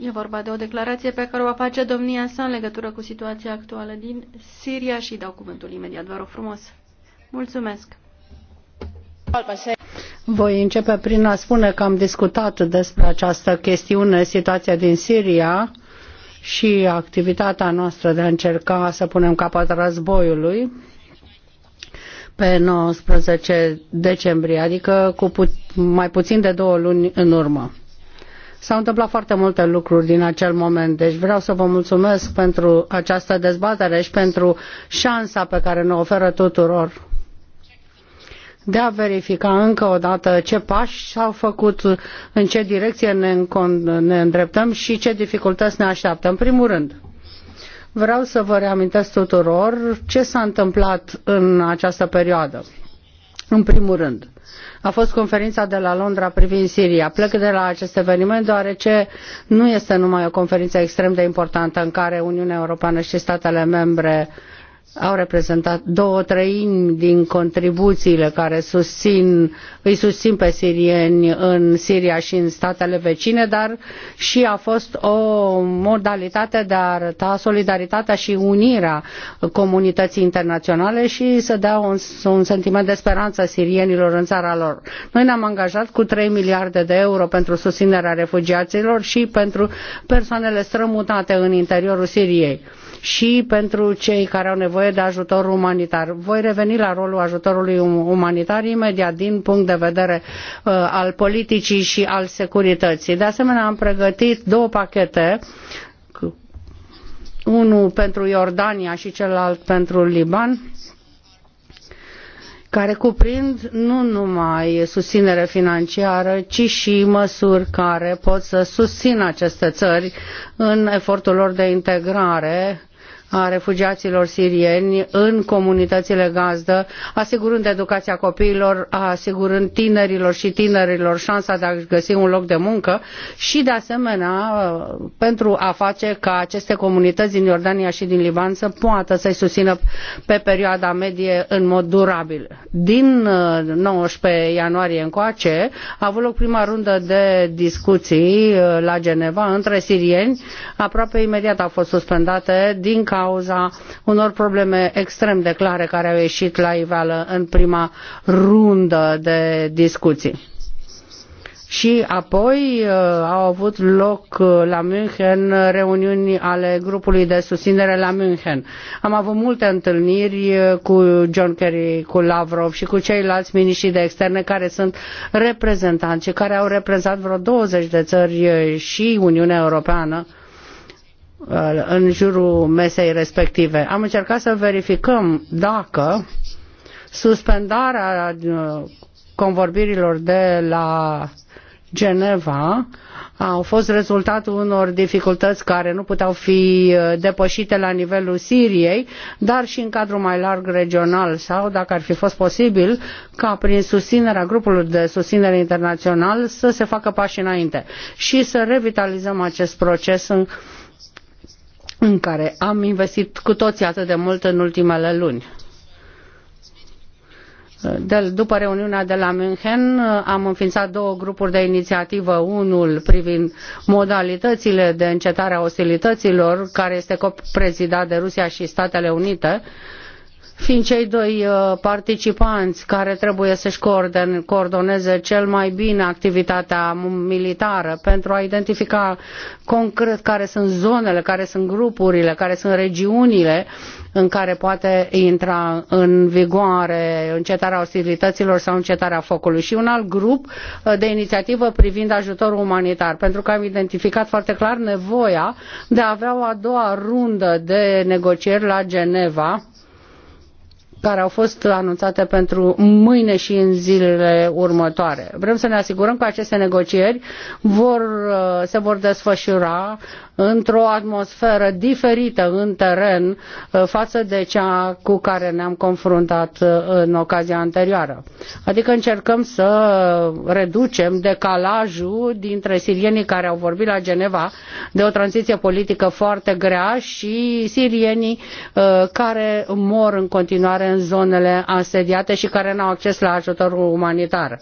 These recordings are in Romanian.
E vorba de o declarație pe care o va face domnia sa în legătură cu situația actuală din Siria și dau cuvântul imediat, vă rog frumos. Mulțumesc! Voi începe prin a spune că am discutat despre această chestiune, situația din Siria și activitatea noastră de a încerca să punem capăt războiului pe 19 decembrie, adică cu mai puțin de două luni în urmă S-au întâmplat foarte multe lucruri din acel moment, deci vreau să vă mulțumesc pentru această dezbatere și pentru șansa pe care ne oferă tuturor de a verifica încă o dată ce pași s-au făcut, în ce direcție ne, ne îndreptăm și ce dificultăți ne așteaptă. În primul rând, vreau să vă reamintesc tuturor ce s-a întâmplat în această perioadă. În primul rând, a fost conferința de la Londra privind Siria. Plec de la acest eveniment deoarece nu este numai o conferință extrem de importantă în care Uniunea Europeană și statele membre uh, au reprezentat două treimi din contribuțiile care susțin, îi susțin pe sirieni în Siria și în statele vecine, dar și a fost o modalitate de a arăta solidaritatea și unirea comunității internaționale și să dea un, un sentiment de speranță sirienilor în țara lor. Noi ne-am angajat cu 3 miliarde de euro pentru susținerea refugiaților și pentru persoanele strămutate în interiorul Siriei și pentru cei care au nevoie de ajutor umanitar. Voi reveni la rolul ajutorului um- umanitar imediat din punct de vedere uh, al politicii și al securității. De asemenea, am pregătit două pachete unul pentru Iordania și celălalt pentru Liban care cuprind nu numai susținere financiară, ci și măsuri care pot să susțină aceste țări în efortul lor de integrare a refugiaților sirieni în comunitățile gazdă, asigurând educația copiilor, asigurând tinerilor și tinerilor șansa de a găsi un loc de muncă și, de asemenea, pentru a face ca aceste comunități din Iordania și din Liban să poată să-i susțină pe perioada medie în mod durabil. Din 19 uh, ianuarie încoace a avut loc prima rundă de discuții uh, la Geneva între sirieni, aproape imediat au fost suspendate din ca cauza unor probleme extrem de clare care au ieșit la iveală în prima rundă de discuții. Și apoi uh, au avut loc uh, la München reuniuni ale grupului de susținere la München. Am avut multe întâlniri uh, cu John Kerry, cu Lavrov și cu ceilalți miniștri de externe care sunt reprezentanți, care au reprezentat vreo 20 de țări uh, și Uniunea Europeană uh, Uh, în jurul mesei respective. Am încercat să verificăm dacă suspendarea uh, convorbirilor de la Geneva au fost rezultatul unor dificultăți care nu puteau fi uh, depășite la nivelul Siriei, dar și în cadrul mai larg regional sau, dacă ar fi fost posibil, ca prin susținerea grupului de susținere internațional să se facă pași înainte și să revitalizăm acest proces în în care am investit cu toții atât de mult în ultimele luni. De, după reuniunea de la München am înființat două grupuri de inițiativă, unul privind modalitățile de încetare a ostilităților, care este prezidat de Rusia și Statele Unite fiind cei doi uh, participanți care trebuie să-și coordoneze cel mai bine activitatea militară pentru a identifica concret care sunt zonele, care sunt grupurile, care sunt regiunile în care poate intra în vigoare încetarea ostilităților sau încetarea focului și un alt grup uh, de inițiativă privind ajutorul umanitar, pentru că am identificat foarte clar nevoia de a avea o a doua rundă de negocieri la Geneva care au fost anunțate pentru mâine și în zilele următoare. Vrem să ne asigurăm că aceste negocieri vor, uh, se vor desfășura într-o atmosferă diferită în teren uh, față de cea cu care ne-am confruntat uh, în ocazia anterioară. Adică încercăm să reducem decalajul dintre sirienii care au vorbit la Geneva de o tranziție politică foarte grea și sirienii care mor în continuare care în zonele asediate și care n-au acces la ajutorul umanitar.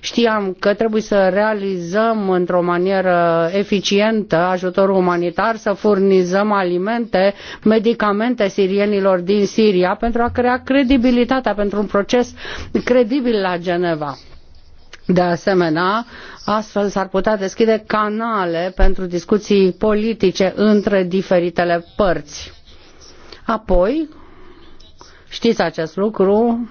Știam că trebuie să realizăm într-o manieră eficientă ajutorul umanitar, să furnizăm alimente, medicamente sirienilor din Siria pentru a crea credibilitatea pentru un proces credibil la Geneva. De asemenea, astfel s-ar putea deschide canale pentru discuții politice între diferitele părți. Apoi, Știți acest lucru.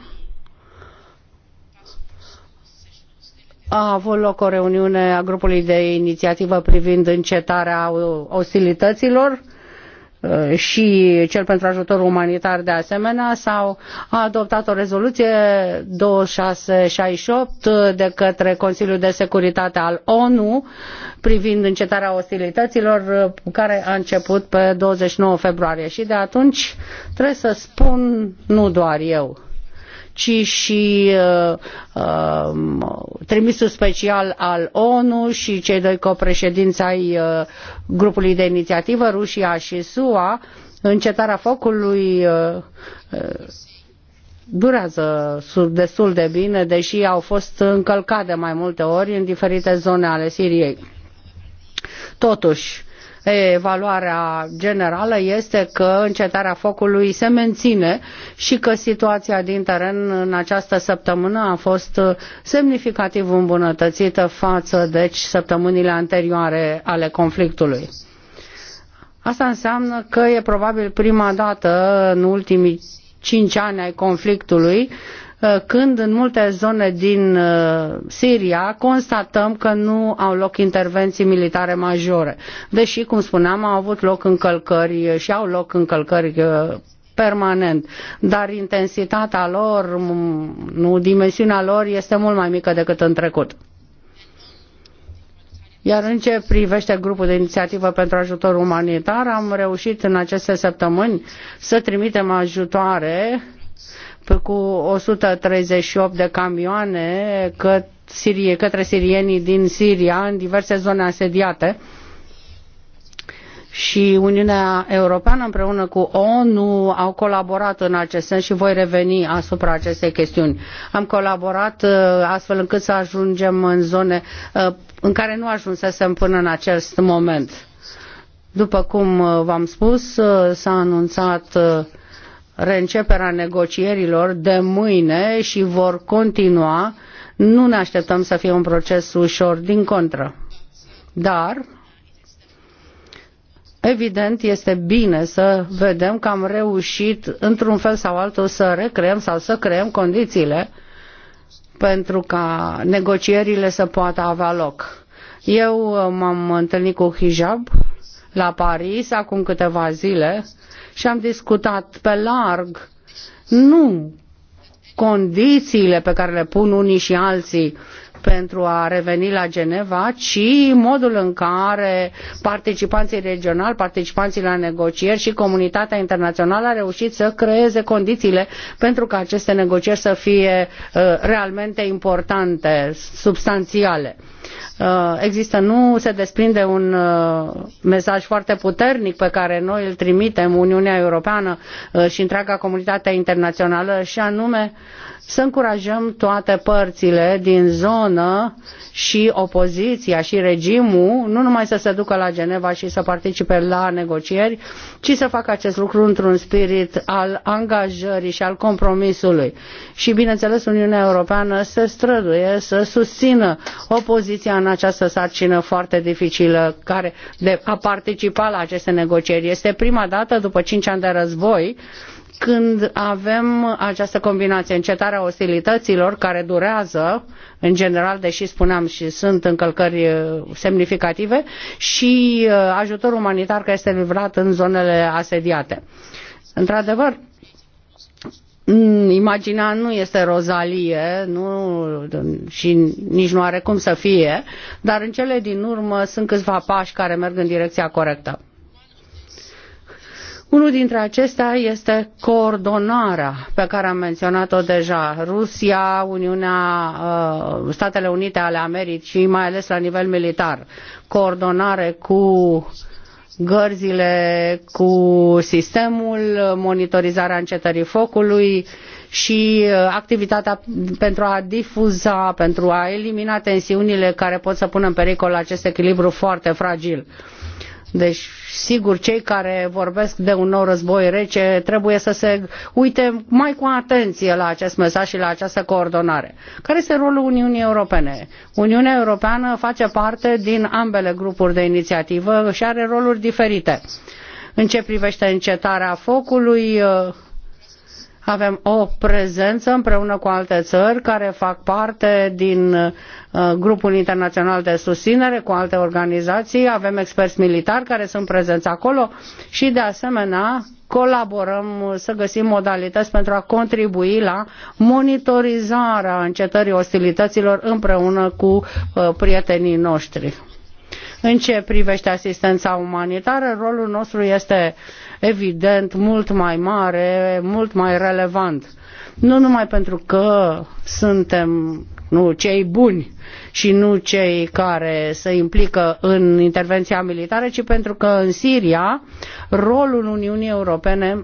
A avut loc o reuniune a grupului de inițiativă privind încetarea ostilităților Uh, și cel pentru ajutor umanitar de asemenea s-au adoptat o rezoluție 2668 uh, de către Consiliul de Securitate al ONU privind încetarea ostilităților uh, care a început pe 29 februarie și de atunci trebuie să spun nu doar eu ci și uh, uh, trimisul special al ONU și cei doi copreședinți ai uh, grupului de inițiativă, Rusia și SUA, încetarea focului uh, uh, durează destul de bine, deși au fost încălcate mai multe ori în diferite zone ale Siriei. Totuși, evaluarea generală este că încetarea focului se menține și că situația din teren în această săptămână a fost semnificativ îmbunătățită față de deci, săptămânile anterioare ale conflictului. Asta înseamnă că e probabil prima dată în ultimii cinci ani ai conflictului Uh, când în multe zone din uh, Siria constatăm că nu au loc intervenții militare majore. Deși, cum spuneam, au avut loc încălcări uh, și au loc încălcări permanent, dar intensitatea lor, nu dimensiunea lor este mult mai mică decât în trecut. Iar în ce privește grupul de inițiativă pentru ajutor umanitar, am reușit în aceste săptămâni să trimitem ajutoare cu 138 de camioane către, Sirie, către sirienii din Siria în diverse zone asediate și Uniunea Europeană împreună cu ONU au colaborat în acest sens și voi reveni asupra acestei chestiuni. Am colaborat uh, astfel încât să ajungem în zone uh, în care nu ajunsesem până în acest moment. După cum uh, v-am spus, s-a anunțat reînceperea negocierilor de mâine și vor continua. Nu ne așteptăm să fie un proces ușor, din contră. Dar, evident, este bine să vedem că am reușit, într-un fel sau altul, să recreăm sau să creăm condițiile pentru ca negocierile să poată avea loc. Eu m-am întâlnit cu Hijab la Paris acum câteva zile și am discutat pe larg nu condițiile pe care le pun unii și alții pentru a reveni la Geneva, ci modul în care participanții regionali, participanții la negocieri și comunitatea internațională a reușit să creeze condițiile pentru ca aceste negocieri să fie uh, realmente importante, substanțiale. Uh, există, nu se desprinde un uh, mesaj foarte puternic pe care noi îl trimitem Uniunea Europeană uh, și întreaga comunitate internațională și anume să încurajăm toate părțile din zonă și opoziția și regimul nu numai să se ducă la Geneva și să participe la negocieri, ci să facă acest lucru într-un spirit al angajării și al compromisului. Și bineînțeles Uniunea Europeană se străduie să susțină opoziția poziția în această sarcină foarte dificilă care de a participa la aceste negocieri. Este prima dată după cinci ani de război când avem această combinație, încetarea ostilităților care durează, în general, deși spuneam și sunt încălcări uh, semnificative, și uh, ajutor umanitar care este livrat în zonele asediate. Într-adevăr, Mm, imaginea nu este rozalie nu, și nici nu are cum să fie, dar în cele din urmă sunt câțiva pași care merg în direcția corectă. Unul dintre acestea este coordonarea pe care am menționat-o deja. Rusia, Uniunea, uh, Statele Unite ale Americii, mai ales la nivel militar. Coordonare cu gărzile cu sistemul, monitorizarea încetării focului și uh, activitatea pentru a difuza, pentru a elimina tensiunile care pot să pună în pericol acest echilibru foarte fragil. Deci sigur, cei care vorbesc de un nou război rece trebuie să se uite mai cu atenție la acest mesaj și la această coordonare. Care este rolul Uniunii Europene? Uniunea Europeană face parte din ambele grupuri de inițiativă și are roluri diferite. În ce privește încetarea focului, avem o prezență împreună cu alte țări care fac parte din uh, grupul internațional de susținere cu alte organizații, avem experți militari care sunt prezenți acolo și de asemenea colaborăm să găsim modalități pentru a contribui la monitorizarea încetării ostilităților împreună cu uh, prietenii noștri. În ce privește asistența umanitară, rolul nostru este uh, evident mult mai mare, mult mai relevant. Nu numai pentru că suntem nu cei buni și nu cei care se implică în intervenția militară, ci pentru că în Siria rolul Uniunii Europene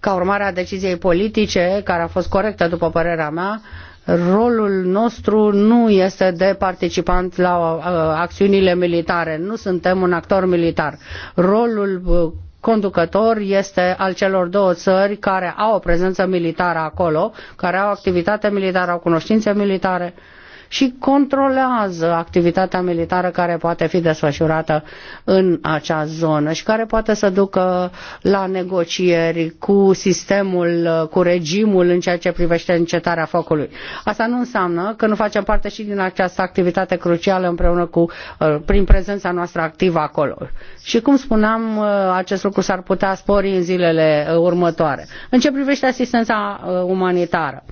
ca urmare a deciziei politice, care a fost corectă după părerea mea, rolul nostru nu este de participant la uh, acțiunile militare, nu suntem un actor militar. Rolul uh, conducător este al celor două țări care au o prezență militară acolo, care au activitate militară, au cunoștințe militare. Uh, și controlează activitatea militară care poate fi desfășurată în acea zonă și care poate să ducă la negocieri cu sistemul, cu regimul în ceea ce privește încetarea focului. Asta nu înseamnă că nu facem parte și din această activitate crucială împreună cu, uh, prin prezența noastră activă acolo. Și cum spuneam, uh, acest lucru s-ar putea spori în zilele uh, următoare. În ce privește asistența umanitară?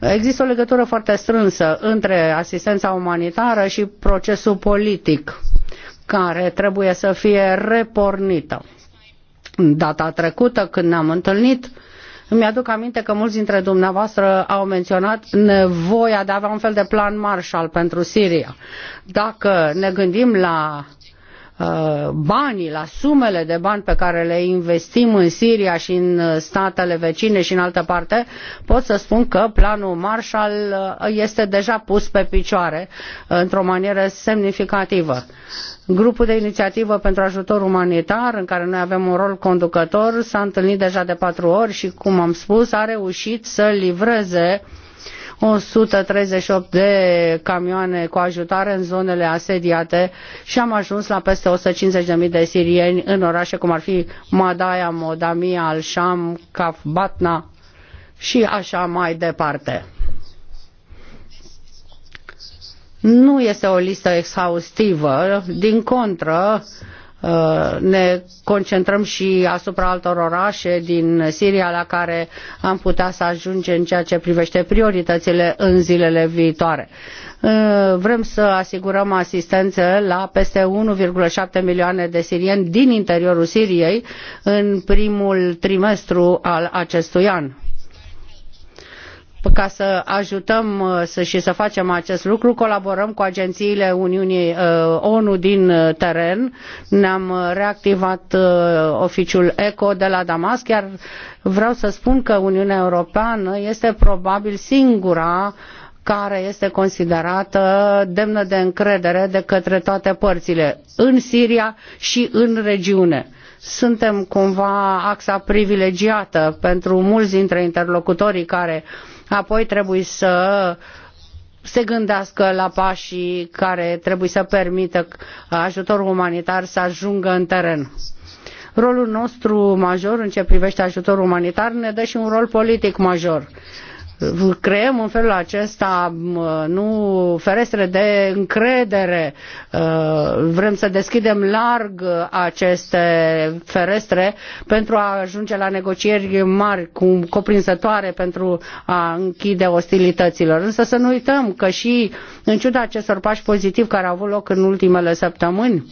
Există o legătură foarte strânsă între asistența umanitară și procesul politic care trebuie să fie repornită. Data trecută, când ne-am întâlnit, îmi aduc aminte că mulți dintre dumneavoastră au menționat nevoia de a avea un fel de plan Marshall pentru Siria. Dacă ne gândim la Uh, banii, la sumele de bani pe care le investim în Siria și în uh, statele vecine și în altă parte, pot să spun că planul Marshall uh, este deja pus pe picioare într-o manieră semnificativă. Grupul de inițiativă pentru ajutor umanitar, în care noi avem un rol conducător, s-a întâlnit deja de patru ori și, cum am spus, a reușit să livreze uh, 138 de camioane cu ajutare în zonele asediate și am ajuns la peste 150.000 de sirieni în orașe cum ar fi Madaya, Modamia, Al-Sham, Kaf, Batna și așa mai departe. Nu este o listă exhaustivă, din contră, Uh, ne concentrăm și asupra altor orașe din Siria la care am putea să ajungem în ceea ce privește prioritățile în zilele viitoare. Uh, vrem să asigurăm asistență la peste 1,7 milioane de sirieni din interiorul Siriei în primul trimestru al acestui an ca să ajutăm uh, să, și să facem acest lucru, colaborăm cu agențiile Uniunii uh, ONU din uh, teren. Ne-am reactivat oficiul ECO de la Damasc, iar vreau să spun că Uniunea Europeană este probabil singura care este considerată demnă de încredere de către toate părțile, în Siria și în regiune suntem cumva axa privilegiată pentru mulți dintre interlocutorii care apoi trebuie să se gândească la pașii care trebuie să permită ajutorul umanitar să ajungă în teren. Rolul nostru major în ce privește ajutorul umanitar ne dă și un rol politic major creăm în felul acesta nu ferestre de încredere, ă, vrem să deschidem larg aceste ferestre pentru a ajunge la negocieri mari, cu, cuprinzătoare pentru a închide ostilităților. Însă să nu uităm că și în ciuda acestor pași pozitivi care au avut loc în ultimele săptămâni,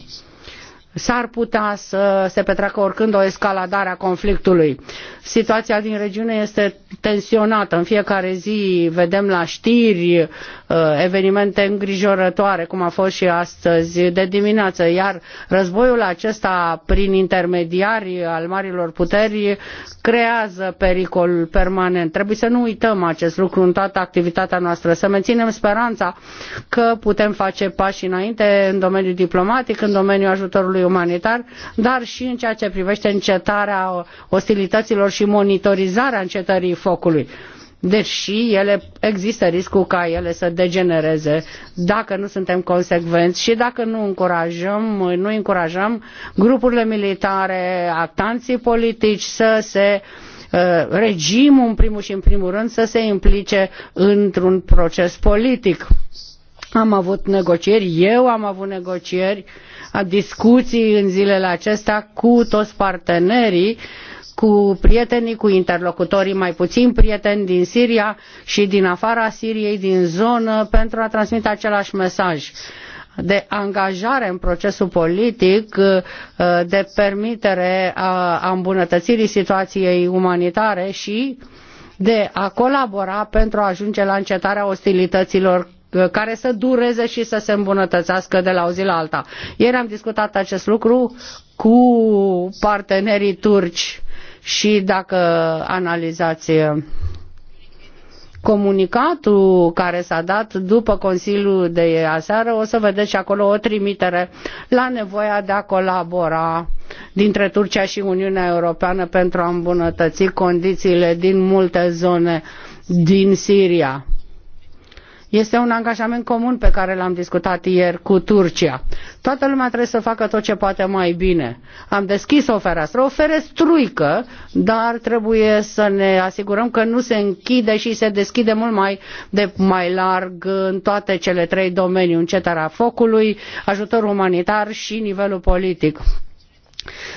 s-ar putea să se petreacă oricând o escaladare a conflictului. Situația din regiune este tensionată. În fiecare zi vedem la știri uh, evenimente îngrijorătoare, cum a fost și astăzi de dimineață, iar războiul acesta prin intermediari al marilor puteri creează pericol permanent. Trebuie să nu uităm acest lucru în toată activitatea noastră, să menținem speranța că putem face pași înainte în domeniul diplomatic, în domeniul ajutorului umanitar, dar și în ceea ce privește încetarea ostilităților și monitorizarea încetării focului deși deci ele există riscul ca ele să degenereze dacă nu suntem consecvenți și dacă nu încurajăm, nu încurajăm grupurile militare, actanții politici să se uh, regimul în primul și în primul rând să se implice într-un proces politic. Am avut negocieri, eu am avut negocieri uh, discuții în zilele acestea cu toți partenerii, cu prietenii, cu interlocutorii mai puțin prieteni din Siria și din afara Siriei, din zonă, pentru a transmite același mesaj de angajare în procesul politic, uh, de permitere a îmbunătățirii situației umanitare și de a colabora pentru a ajunge la încetarea ostilităților care să dureze și să se îmbunătățească de la o zi la alta. Ieri am discutat acest lucru cu partenerii turci și dacă analizați comunicatul care s-a dat după Consiliul de aseară, o să vedeți acolo o trimitere la nevoia de a colabora dintre Turcia și Uniunea Europeană pentru a îmbunătăți condițiile din multe zone din Siria este un angajament comun pe care l-am discutat ieri cu Turcia. Toată lumea trebuie să facă tot ce poate mai bine. Am deschis o fereastră, o ferestruică, dar trebuie să ne asigurăm că nu se închide și se deschide mult mai, de, mai larg în toate cele trei domenii, încetarea focului, ajutor umanitar și nivelul politic.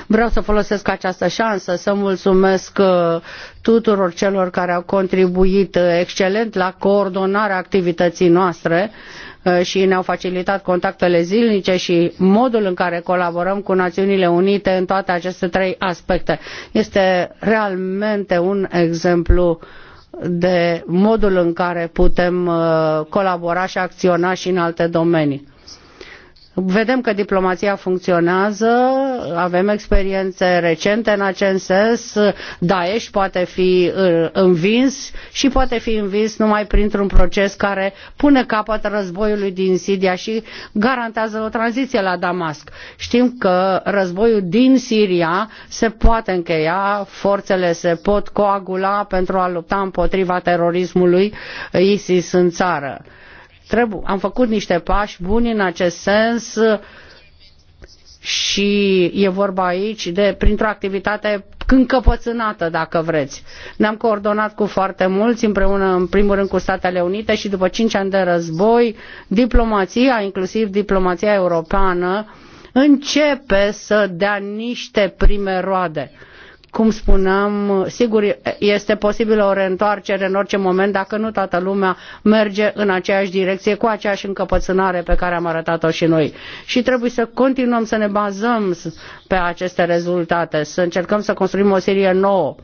Vreau să folosesc această șansă să mulțumesc uh, tuturor celor care au contribuit uh, excelent la coordonarea activității noastre uh, și ne-au facilitat contactele zilnice și modul în care colaborăm cu Națiunile Unite în toate aceste trei aspecte. Este realmente un exemplu de modul în care putem colabora și acționa și în alte domenii Vedem că diplomația funcționează, avem experiențe recente în acest sens, Daesh poate fi uh, învins și poate fi învins numai printr-un proces care pune capăt războiului din Siria și garantează o tranziție la Damasc. Știm că războiul din Siria se poate încheia, forțele se pot coagula pentru a lupta împotriva terorismului ISIS în țară Trebu- am făcut niște pași buni în acest sens și e vorba aici de printr-o activitate încăpățânată, dacă vreți. Ne-am coordonat cu foarte mulți, împreună, în primul rând, cu Statele Unite și după cinci ani de război, diplomația, inclusiv diplomația europeană, începe să dea niște prime roade cum spuneam, sigur este posibilă o reîntoarcere în orice moment dacă nu toată lumea merge în aceeași direcție cu aceeași încăpățânare pe care am arătat-o și noi. Și trebuie să continuăm să ne bazăm pe aceste rezultate, să încercăm să construim o serie nouă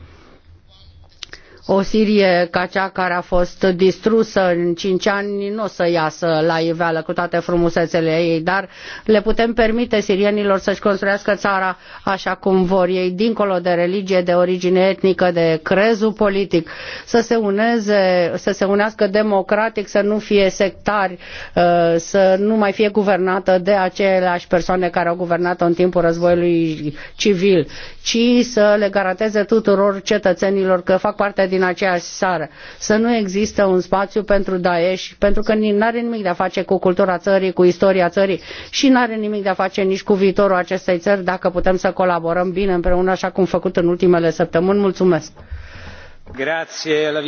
o Sirie ca cea care a fost distrusă în cinci ani nu o să iasă la iveală cu toate frumusețele ei, dar le putem permite sirienilor să-și construiască țara așa cum vor ei, dincolo de religie, de origine etnică, de crezul politic, să se, uneze, să se unească democratic, să nu fie sectari, uh, să nu mai fie guvernată de aceleași persoane care au guvernat-o în timpul războiului civil ci să le garanteze tuturor cetățenilor că fac parte din aceeași țară. Să nu există un spațiu pentru Daesh, pentru că nu are nimic de a face cu cultura țării, cu istoria țării și nu are nimic de a face nici cu viitorul acestei țări dacă putem să colaborăm bine împreună, așa cum făcut în ultimele săptămâni. Mulțumesc! Grazie, la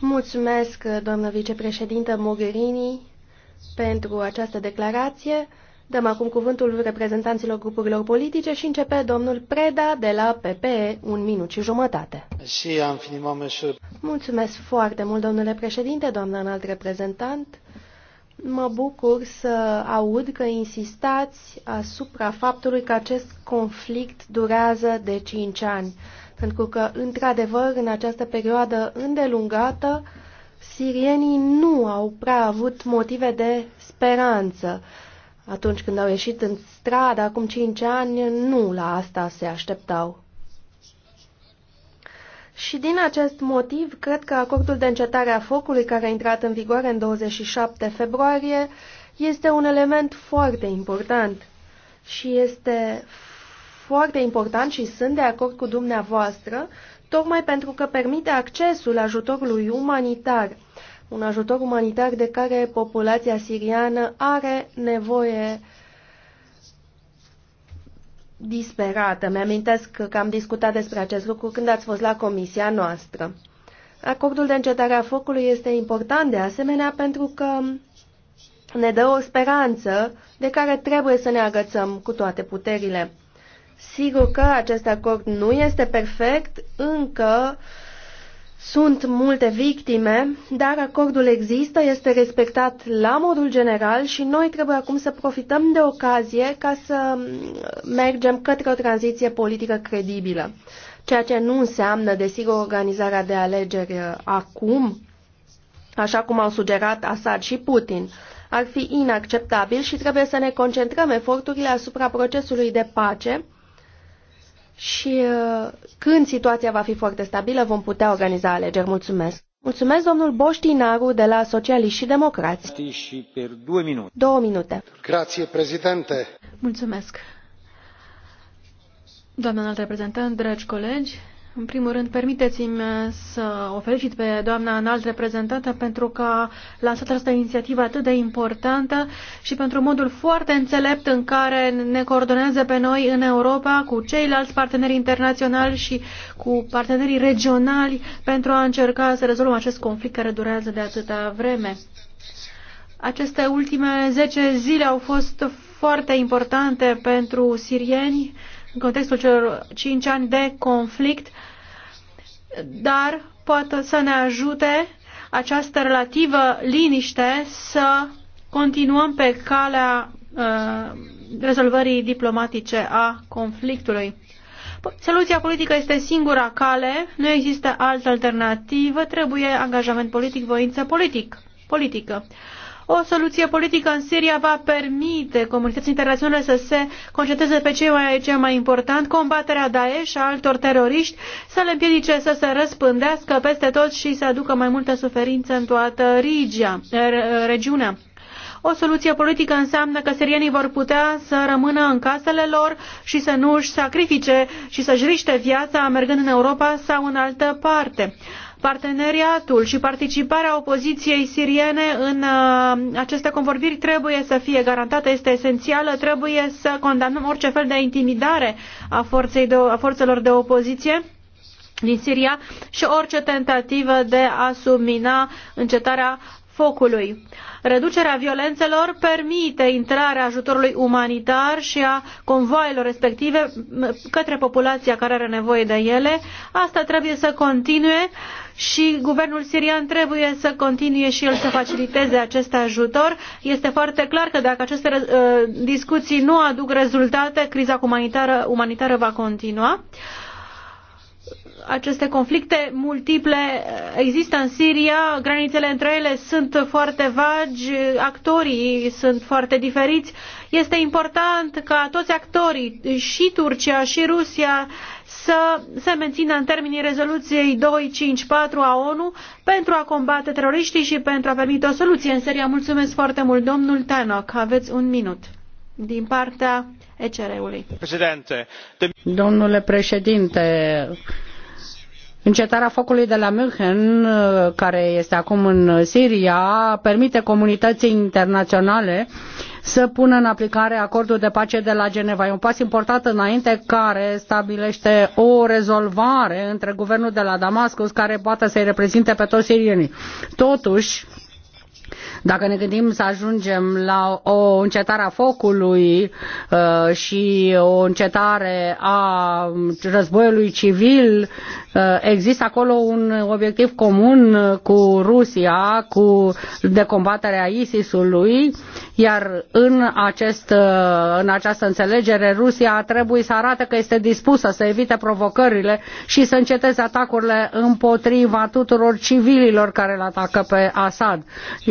Mulțumesc, doamnă vicepreședintă Mogherini, pentru această declarație. Dăm acum cuvântul reprezentanților grupurilor politice și începe domnul Preda de la PPE, un minut și jumătate. Și am finit, Mulțumesc foarte mult, domnule președinte, doamna înalt reprezentant. Mă bucur să aud că insistați asupra faptului că acest conflict durează de 5 ani, pentru că, într-adevăr, în această perioadă îndelungată, sirienii nu au prea avut motive de speranță atunci când au ieșit în stradă, acum cinci ani, nu la asta se așteptau. Și din acest motiv, cred că acordul de încetare a focului, care a intrat în vigoare în 27 februarie, este un element foarte important. Și este foarte important și sunt de acord cu dumneavoastră, tocmai pentru că permite accesul ajutorului umanitar un ajutor umanitar de care populația siriană are nevoie disperată. Mi-amintesc că am discutat despre acest lucru când ați fost la comisia noastră. Acordul de încetare a focului este important de asemenea pentru că ne dă o speranță de care trebuie să ne agățăm cu toate puterile. Sigur că acest acord nu este perfect, încă uh, sunt multe victime, dar acordul există, este respectat la modul general și noi trebuie acum să profităm de ocazie ca să mergem către o tranziție politică credibilă. Ceea ce nu înseamnă, desigur, organizarea de alegeri uh, acum, așa cum au sugerat Assad și Putin. Ar fi inacceptabil și trebuie să ne concentrăm eforturile asupra procesului de pace, și uh, când situația va fi foarte stabilă vom putea organiza alegeri. Mulțumesc! Mulțumesc, domnul Boștinaru, de la Socialiști și Democrați. Și per două minute. Două minute. Grație, prezidente. Mulțumesc. Doamna înalt reprezentant, dragi colegi, în primul rând, permiteți-mi uh, să o felicit pe doamna înalt reprezentantă pentru că a lansat această inițiativă atât de importantă și pentru modul foarte înțelept în care ne coordonează pe noi în Europa cu ceilalți parteneri internaționali și cu partenerii regionali pentru a încerca să rezolvăm acest conflict care durează de atâta vreme. Aceste ultime 10 zile au fost foarte importante pentru sirieni în contextul celor cinci ani de conflict, dar poate să ne ajute această relativă liniște să continuăm pe calea uh, rezolvării diplomatice a conflictului. Soluția politică este singura cale, nu există altă alternativă, trebuie angajament politic, voință politic, politică. O soluție politică în Siria va permite comunității internaționale să se concentreze pe ce mai, ce mai important, combaterea Daesh a altor teroriști, să le împiedice să se răspândească peste tot și să aducă mai multă suferință în toată regia, regiunea. O soluție politică înseamnă că sirienii vor putea să rămână în casele lor și să nu își sacrifice și să-și riște viața mergând în Europa sau în altă parte. Parteneriatul și participarea opoziției siriene în uh, aceste convorbiri trebuie să fie garantată, este esențială, trebuie să condamnăm orice fel de intimidare a, forței de, a forțelor de opoziție din Siria și orice tentativă de a submina încetarea focului. Reducerea violențelor permite intrarea ajutorului umanitar și a convoaelor respective către populația care are nevoie de ele. Asta trebuie să continue uh, și guvernul sirian trebuie să continue și el să faciliteze acest ajutor. Este foarte clar că dacă aceste uh, discuții nu aduc rezultate, criza umanitară, umanitară va continua. Aceste conflicte multiple uh, există în Siria, granițele între ele sunt foarte vagi, actorii sunt foarte diferiți. Este important ca toți actorii, și Turcia, și Rusia, să se mențină în termenii rezoluției 254 a ONU pentru a combate teroriștii și pentru a permite o soluție în Siria. Mulțumesc foarte mult, domnul Tanok. Aveți un minut din partea ECR-ului. Domnule președinte, Încetarea focului de la München, care este acum în Siria, permite comunității internaționale să pună în aplicare acordul de pace de la Geneva. E un pas important înainte care stabilește o rezolvare între guvernul de la Damascus care poate să-i reprezinte pe toți sirienii. Totuși, dacă ne gândim să ajungem la o încetare a focului uh, și o încetare a războiului civil, uh, există acolo un obiectiv comun cu Rusia cu, de combaterea ISIS-ului iar în, acest, uh, în această înțelegere, Rusia trebuie să arate că este dispusă să evite provocările și să înceteze atacurile împotriva tuturor civililor care îl atacă pe Assad.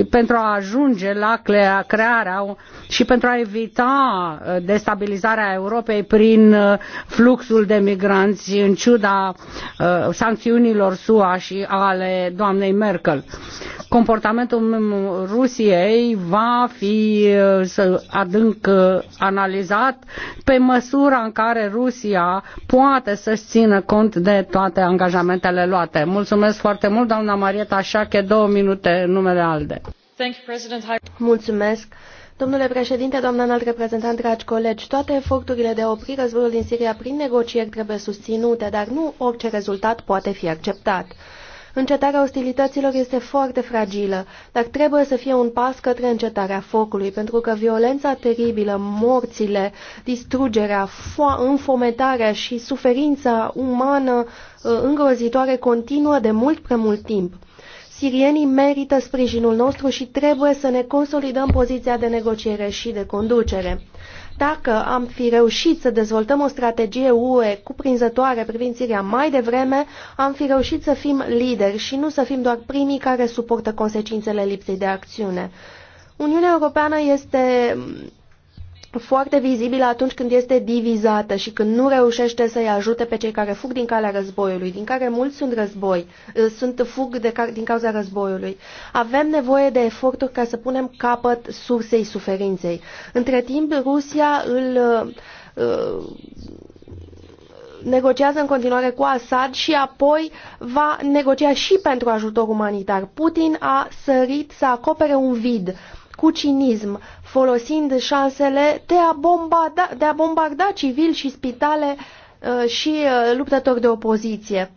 Pentru a ajunge la crearea și pentru a evita uh, destabilizarea Europei prin uh, fluxul de migranți în ciuda sancțiunilor SUA și ale doamnei Merkel. Comportamentul Rusiei va fi Uh, adânc uh, analizat pe măsura în care Rusia poate să-și țină cont de toate angajamentele luate. Mulțumesc foarte mult, doamna Marieta că două minute numele ALDE. Mulțumesc. Domnule președinte, doamnă înalt reprezentant, dragi colegi, toate eforturile de a opri războiul din Siria prin negocieri trebuie susținute, dar nu orice rezultat poate fi acceptat. Încetarea ostilităților este foarte fragilă, dar trebuie să fie un pas către încetarea focului, pentru că violența teribilă, morțile, distrugerea, înfometarea și suferința umană uh, îngrozitoare continuă de mult prea mult timp. Sirienii merită sprijinul nostru și trebuie să ne consolidăm poziția de negociere și de conducere. Dacă am fi reușit să dezvoltăm o strategie UE cuprinzătoare privind Siria mai devreme, am fi reușit să fim lideri și nu să fim doar primii care suportă consecințele lipsei de acțiune. Uniunea Europeană este foarte vizibilă atunci când este divizată și când nu reușește să-i ajute pe cei care fug din calea războiului, din care mulți sunt război, uh, sunt fug de ca din cauza războiului. Avem nevoie de eforturi ca să punem capăt sursei suferinței. Între timp, Rusia îl uh, uh, negociază în continuare cu Assad și apoi va negocia și pentru ajutor umanitar. Putin a sărit să acopere un vid cu cinism, folosind șansele de a bombarda, de a bombarda civili și spitale uh, și uh, luptători de opoziție.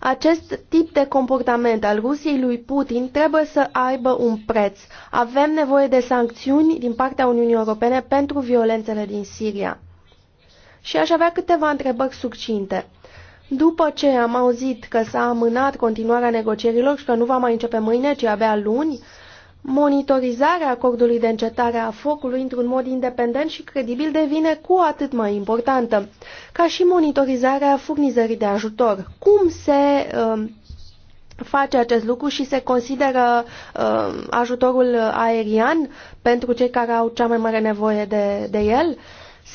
Acest tip de comportament al Rusiei lui Putin trebuie să aibă un preț. Avem nevoie de sancțiuni din partea Uniunii Europene pentru violențele din Siria. Și aș avea câteva întrebări succinte. După ce am auzit că s-a amânat continuarea negocierilor și că nu va mai începe mâine, ci abia luni, monitorizarea acordului de încetare a focului într-un mod independent și credibil devine cu atât mai importantă, ca și monitorizarea furnizării de ajutor. Cum se uh, face acest lucru și se consideră uh, ajutorul aerian pentru cei care au cea mai mare nevoie de, de el? Uh,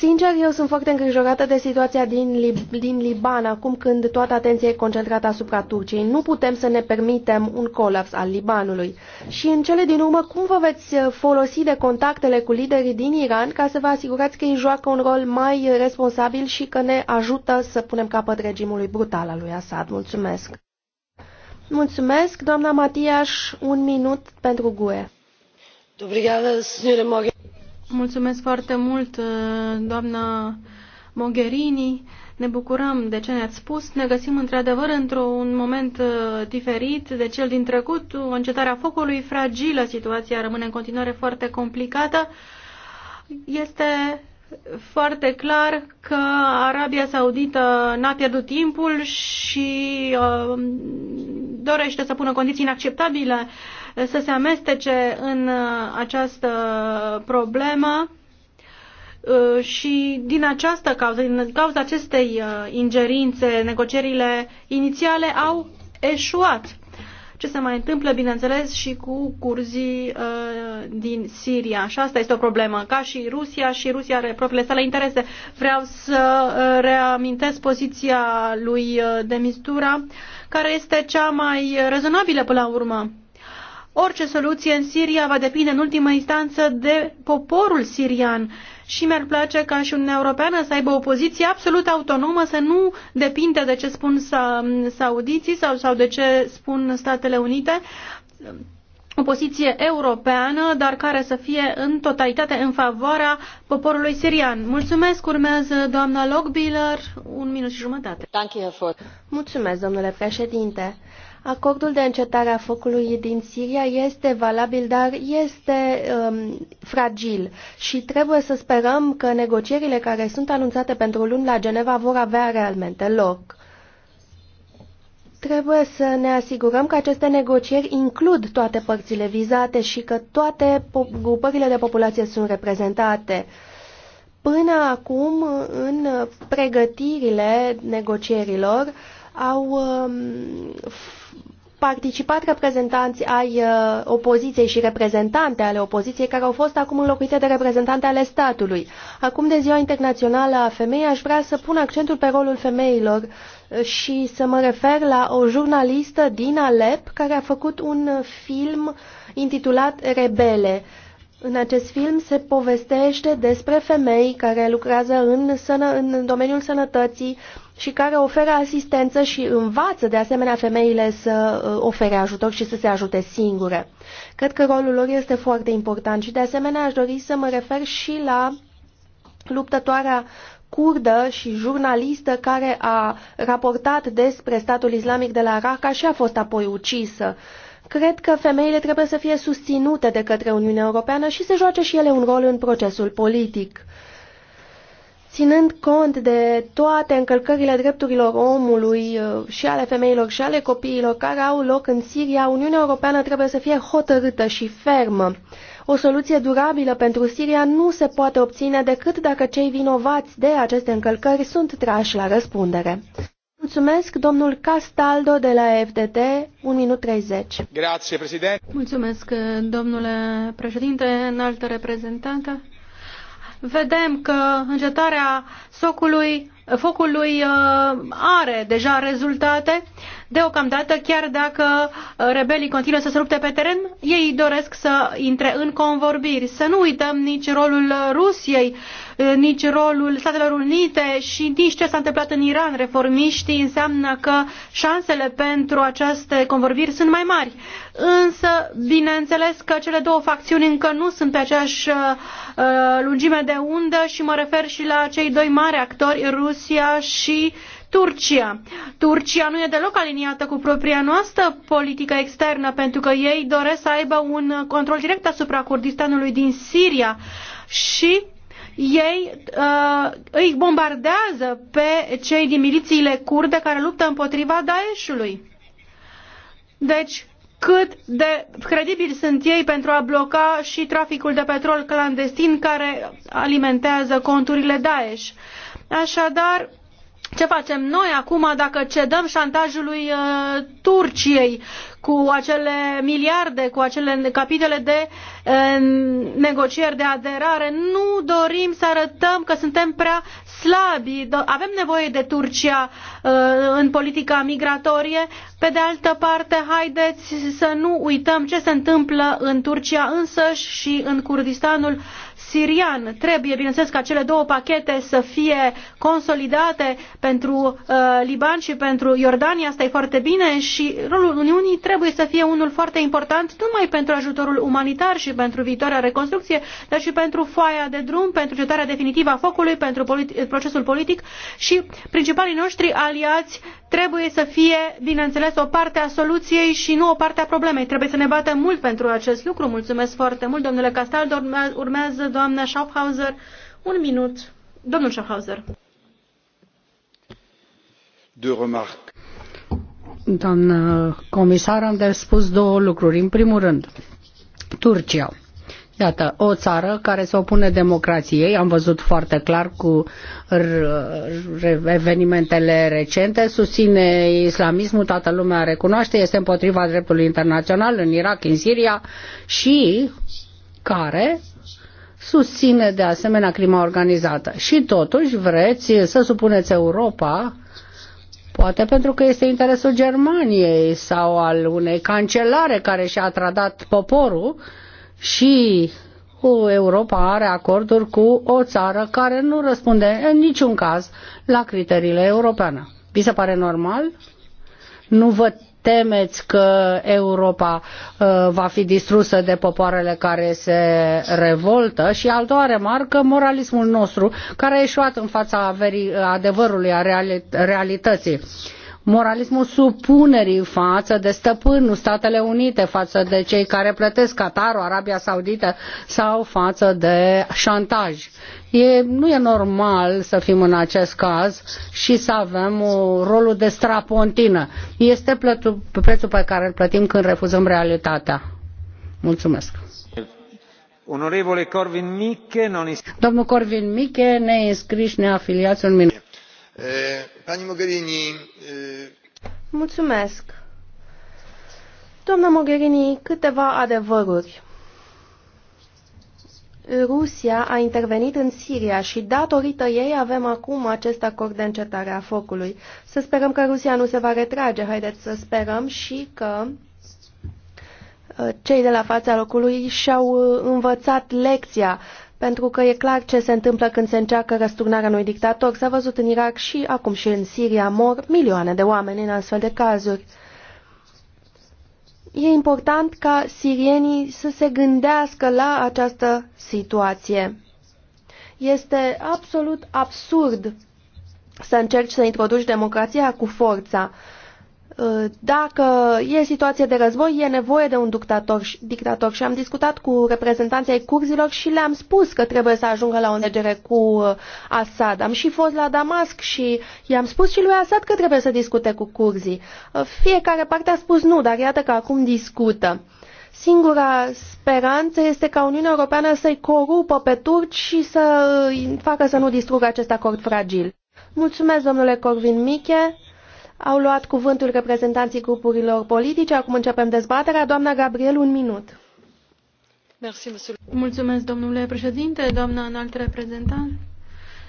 Sincer, eu sunt foarte îngrijorată de situația din, Lib din Liban, acum când toată atenția e concentrată asupra Turciei. Nu putem să ne permitem un colaps al Libanului. Și în cele din urmă, cum vă veți folosi de contactele cu liderii din Iran ca să vă asigurați că ei joacă un rol mai responsabil și că ne ajută să punem capăt regimului brutal al lui Assad? Mulțumesc! Mulțumesc, doamna Matiaș, un minut pentru GUE. Obrigada, senhora Mulțumesc foarte mult, uh, doamna Mogherini. Ne bucurăm de ce ne-ați spus. Ne găsim într-adevăr într-un moment uh, diferit de cel din trecut. O încetare focului fragilă, situația rămâne în continuare foarte complicată. Este foarte clar că Arabia Saudită n-a pierdut timpul și uh, dorește să pună condiții inacceptabile uh, să se amestece în uh, această problemă uh, și din această cauză, din cauza acestei uh, ingerințe, negocierile inițiale au eșuat. Ce se mai întâmplă, bineînțeles, și cu curzii uh, din Siria. Și asta este o problemă. Ca și Rusia, și Rusia are propriile sale interese. Vreau să uh, reamintesc poziția lui uh, Demistura, care este cea mai rezonabilă până la urmă Orice soluție în Siria va depinde în ultimă instanță de poporul sirian și mi-ar place ca și Uniunea Europeană să aibă o poziție absolut autonomă, să nu depinde de ce spun saudiții sau, sau de ce spun Statele Unite o poziție europeană, dar care să fie în totalitate în favoarea poporului sirian. Mulțumesc, urmează doamna Logbiller, un minut și jumătate. Mulțumesc, domnule președinte. Acordul de încetare a focului din Siria este valabil, dar este um, fragil și trebuie să sperăm că negocierile care sunt anunțate pentru luni la Geneva vor avea realmente loc. Trebuie să ne asigurăm că aceste negocieri includ toate părțile vizate și că toate grupările de populație sunt reprezentate. Până acum, în pregătirile negocierilor, au um, participat reprezentanți ai uh, opoziției și reprezentante ale opoziției care au fost acum înlocuite de reprezentante ale statului. Acum de Ziua Internațională a Femeii aș vrea să pun accentul pe rolul femeilor uh, și să mă refer la o jurnalistă din Alep care a făcut un film intitulat Rebele. În acest film se povestește despre femei care lucrează în, sănă, în domeniul sănătății, și care oferă asistență și învață de asemenea femeile să uh, ofere ajutor și să se ajute singure. Cred că rolul lor este foarte important și de asemenea aș dori să mă refer și la luptătoarea curdă și jurnalistă care a raportat despre statul islamic de la Raqqa și a fost apoi ucisă. Cred că femeile trebuie să fie susținute de către Uniunea Europeană și să joace și ele un rol în procesul politic ținând cont de toate încălcările drepturilor omului uh, și ale femeilor și ale copiilor care au loc în Siria, Uniunea Europeană trebuie să fie hotărâtă și fermă. O soluție durabilă pentru Siria nu se poate obține decât dacă cei vinovați de aceste încălcări sunt trași la răspundere. Mulțumesc, domnul Castaldo de la FDT, 1 minut 30. Grazie, președinte. Mulțumesc, domnule președinte, înaltă reprezentantă vedem că încetarea socului, focului uh, are deja rezultate. Deocamdată, chiar dacă uh, rebelii continuă să se lupte pe teren, ei doresc să intre în convorbiri. Să nu uităm nici rolul uh, Rusiei, uh, nici rolul Statelor Unite și nici ce s-a întâmplat în Iran. Reformiștii înseamnă că șansele pentru aceste convorbiri sunt mai mari. Însă, bineînțeles că cele două facțiuni încă nu sunt pe aceeași lungime de undă și mă refer și la cei doi mari actori, Rusia și Turcia. Turcia nu e deloc aliniată cu propria noastră politică externă pentru că ei doresc să aibă un control direct asupra Kurdistanului din Siria și ei uh, îi bombardează pe cei din milițiile kurde care luptă împotriva Daeshului. Deci, cât de credibili sunt ei pentru a bloca și traficul de petrol clandestin care alimentează conturile Daesh. Așadar, ce facem noi acum dacă cedăm șantajului uh, Turciei cu acele miliarde, cu acele capitole de uh, negocieri de aderare. Nu dorim să arătăm că suntem prea slabi. Avem nevoie de Turcia uh, în politica migratorie. Pe de altă parte, haideți să nu uităm ce se întâmplă în Turcia însăși și în Kurdistanul uh, sirian. Trebuie, bineînțeles, ca cele două pachete să fie consolidate pentru uh, Liban și pentru Iordania, asta e foarte bine și rolul Uniunii trebuie să fie unul foarte important, nu numai pentru ajutorul umanitar și pentru viitoarea reconstrucție, dar și pentru foaia de drum, pentru cetarea definitivă a focului, pentru politi procesul politic și principalii noștri aliați trebuie să fie, bineînțeles, o parte a soluției și nu o parte a problemei. Trebuie să ne batem mult pentru acest lucru. Mulțumesc foarte mult, domnule Castaldo. Urmează doamna Schaffhauser. Un minut. Domnul Schaffhauser. De remarc. Doamnă comisar, am de spus două lucruri. În primul rând, Turcia Iată, o țară care se opune democrației, am văzut foarte clar cu evenimentele recente, susține islamismul, toată lumea recunoaște, este împotriva dreptului internațional în Irak, în Siria și care susține de asemenea crima organizată. Și totuși vreți să supuneți Europa Poate pentru că este interesul Germaniei sau al unei cancelare care și-a tradat poporul și cu Europa are acorduri cu o țară care nu răspunde în niciun caz la criteriile europene. Vi se pare normal? Nu vă temeți că Europa uh, va fi distrusă de popoarele care se revoltă și al doua remarcă, moralismul nostru care a ieșuat în fața adevărului, a realității moralismul supunerii față de stăpânul Statele Unite, față de cei care plătesc Qatarul, Arabia Saudită sau față de șantaj. E, nu e normal să fim în acest caz și să avem o, rolul de strapontină. Este plătul, prețul pe care îl plătim când refuzăm realitatea. Mulțumesc. Onorevole Corvin Miche, non is... Domnul Corvin Miche, neînscriși, neafiliați, un minut Pani Mogherini... Mulțumesc. Doamna Mogherini, câteva adevăruri. Rusia a intervenit în Siria și datorită ei avem acum acest acord de încetare a focului. Să sperăm că Rusia nu se va retrage, haideți să sperăm și că cei de la fața locului și-au uh, învățat lecția pentru că e clar ce se întâmplă când se încearcă răsturnarea unui dictator. S-a văzut în Irak și acum și în Siria mor milioane de oameni în astfel de cazuri. E important ca sirienii să se gândească la această situație. Este absolut absurd să încerci să introduci democrația cu forța dacă e situație de război, e nevoie de un dictator, dictator și am discutat cu reprezentanții ai curzilor și le-am spus că trebuie să ajungă la o înțelegere cu uh, Assad. Am și fost la Damasc și i-am spus și lui Assad că trebuie să discute cu curzii. Uh, fiecare parte a spus nu, dar iată că acum discută. Singura speranță este ca Uniunea Europeană să-i corupă pe turci și să uh, facă să nu distrugă acest acord fragil. Mulțumesc, domnule Corvin Miche. Au luat cuvântul reprezentanții grupurilor politice. Acum începem dezbaterea. Doamna Gabriel, un minut. Mulțumesc, domnule președinte, doamna înalt reprezentant.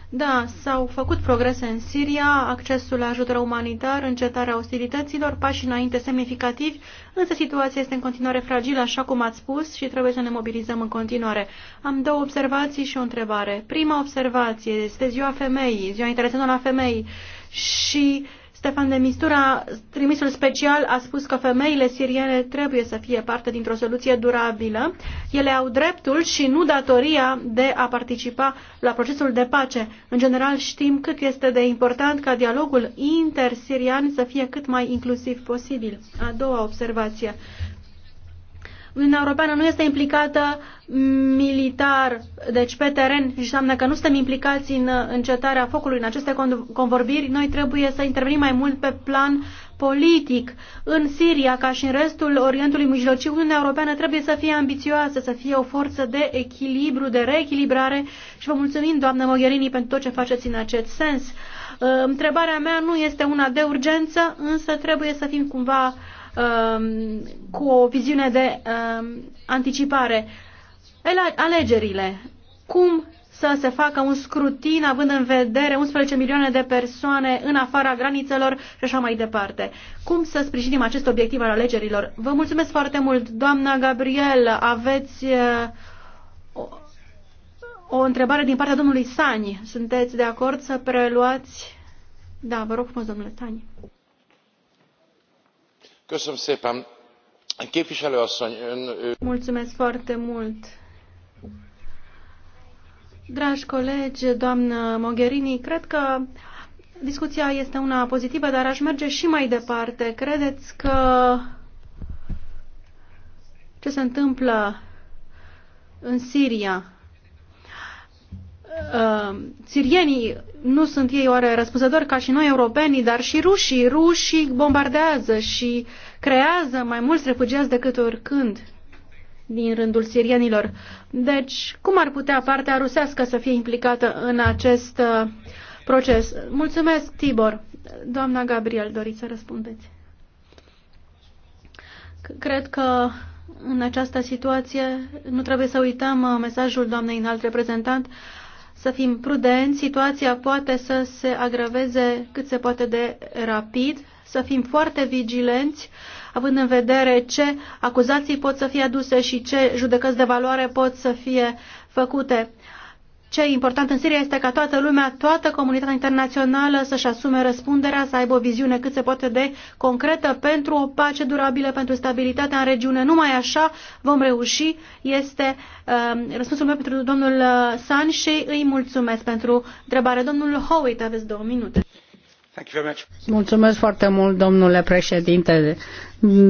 Da, s-au făcut progrese în Siria, accesul la ajutor umanitar, încetarea ostilităților, pași înainte semnificativi, însă situația este în continuare fragilă, așa cum ați spus, și trebuie să ne mobilizăm în continuare. Am două observații și o întrebare. Prima observație este ziua femeii, ziua internațională a femeii și uh, Stefan de Mistura, trimisul special, a spus că femeile siriene trebuie să fie parte dintr-o soluție durabilă. Ele au dreptul și nu datoria de a participa la procesul de pace. În general știm cât este de important ca dialogul intersirian să fie cât mai inclusiv posibil. A doua observație. Uniunea Europeană nu este implicată militar, deci pe teren, și înseamnă că nu suntem implicați în uh, încetarea focului, în aceste convorbiri. Noi trebuie să intervenim mai mult pe plan politic. În Siria, ca și în restul Orientului Mijlociu, Uniunea Europeană trebuie să fie ambițioasă, să fie o forță de echilibru, de reechilibrare și vă mulțumim, doamnă Mogherini, pentru tot ce faceți în acest sens. Uh, întrebarea mea nu este una de urgență, însă trebuie să fim cumva Um, cu o viziune de um, anticipare. Alegerile. Cum să se facă un scrutin având în vedere 11 milioane de persoane în afara granițelor și așa mai departe. Cum să sprijinim acest obiectiv al alegerilor? Vă mulțumesc foarte mult, doamna Gabriel. Aveți uh, o, o întrebare din partea domnului Sani. Sunteți de acord să preluați? Da, vă rog frumos, domnule Sani. Mulțumesc foarte mult. Dragi colegi, doamnă Mogherini, cred că discuția este una pozitivă, dar aș merge și mai departe. Credeți că ce se întâmplă în Siria Uh, sirienii nu sunt ei oare răspunzători ca și noi europenii, dar și rușii. Rușii bombardează și creează mai mulți refugiați decât oricând din rândul sirienilor. Deci, cum ar putea partea rusească să fie implicată în acest uh, proces? Mulțumesc, Tibor. Doamna Gabriel, doriți să răspundeți. Cred că în această situație nu trebuie să uităm uh, mesajul doamnei înalt reprezentant să fim prudenți, situația poate să se agraveze cât se poate de rapid, să fim foarte vigilenți, având în vedere ce acuzații pot să fie aduse și ce judecăți de valoare pot să fie făcute. Ce e important în Siria este ca toată lumea, toată comunitatea internațională să-și asume răspunderea, să aibă o viziune cât se poate de concretă pentru o pace durabilă, pentru stabilitatea în regiune. Numai așa vom reuși. Este uh, răspunsul meu pentru domnul uh, San și îi mulțumesc pentru întrebare. Domnul Howitt, aveți două minute. Mulțumesc foarte mult, domnule președinte.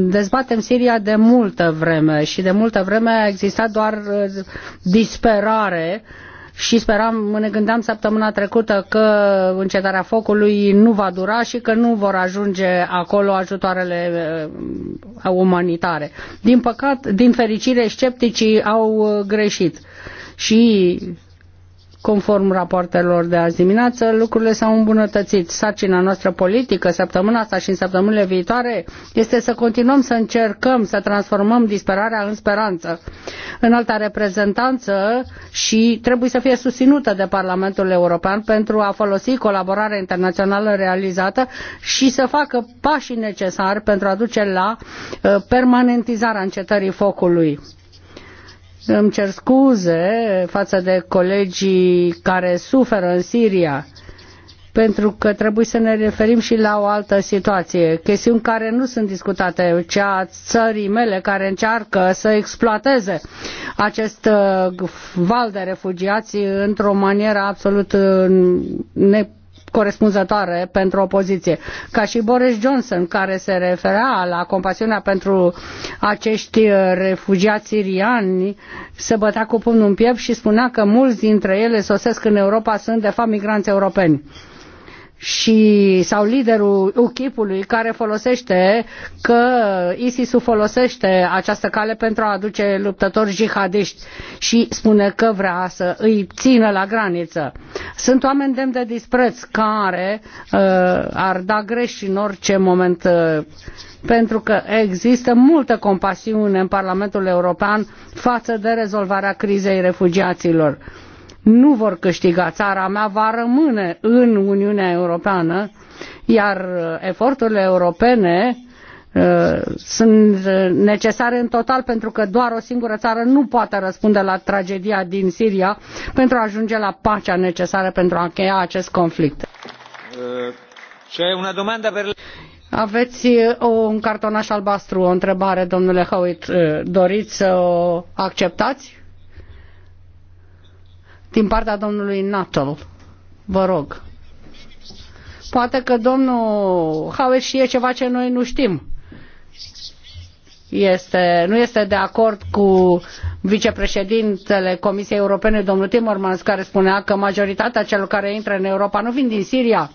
Dezbatem Siria de multă vreme și de multă vreme a existat doar uh, disperare uh, și speram, ne gândeam săptămâna trecută că încetarea focului nu va dura și că nu vor ajunge acolo ajutoarele uh, umanitare. Din păcat, din fericire, scepticii au uh, greșit și Conform rapoartelor de azi dimineață, lucrurile s-au îmbunătățit. Sarcina noastră politică, săptămâna asta și în săptămânile viitoare, este să continuăm să încercăm să transformăm disperarea în speranță. În alta reprezentanță și trebuie să fie susținută de Parlamentul European pentru a folosi colaborarea internațională realizată și să facă pașii necesari pentru a duce la uh, permanentizarea încetării focului. Îmi cer scuze față de colegii care suferă în Siria, pentru că trebuie să ne referim și la o altă situație, chestiuni care nu sunt discutate, cea a țării mele care încearcă să exploateze acest uh, val de refugiați într-o manieră absolut uh, ne corespunzătoare pentru opoziție. Ca și Boris Johnson, care se referea la compasiunea pentru acești uh, refugiați siriani, se bătea cu pumnul în piept și spunea că mulți dintre ele sosesc în Europa sunt de fapt migranți europeni și sau liderul UKIP-ului care folosește că ISIS-ul folosește această cale pentru a aduce luptători jihadiști și spune că vrea să îi țină la graniță. Sunt oameni demn de dispreț care uh, ar da greș în orice moment uh, pentru că există multă compasiune în Parlamentul European față de rezolvarea crizei refugiaților nu vor câștiga. Țara mea va rămâne în Uniunea Europeană, iar uh, eforturile europene uh, sunt uh, necesare în total pentru că doar o singură țară nu poate răspunde la tragedia din Siria pentru a ajunge la pacea necesară pentru a încheia acest conflict. Aveți o, un cartonaș albastru, o întrebare, domnule Howitt. Doriți să o acceptați? din partea domnului Nuttall. Vă rog. Poate că domnul Howard știe ceva ce noi nu știm. Este, nu este de acord cu vicepreședintele Comisiei Europene, domnul Timmermans, care spunea că majoritatea celor care intră în Europa nu vin din Siria,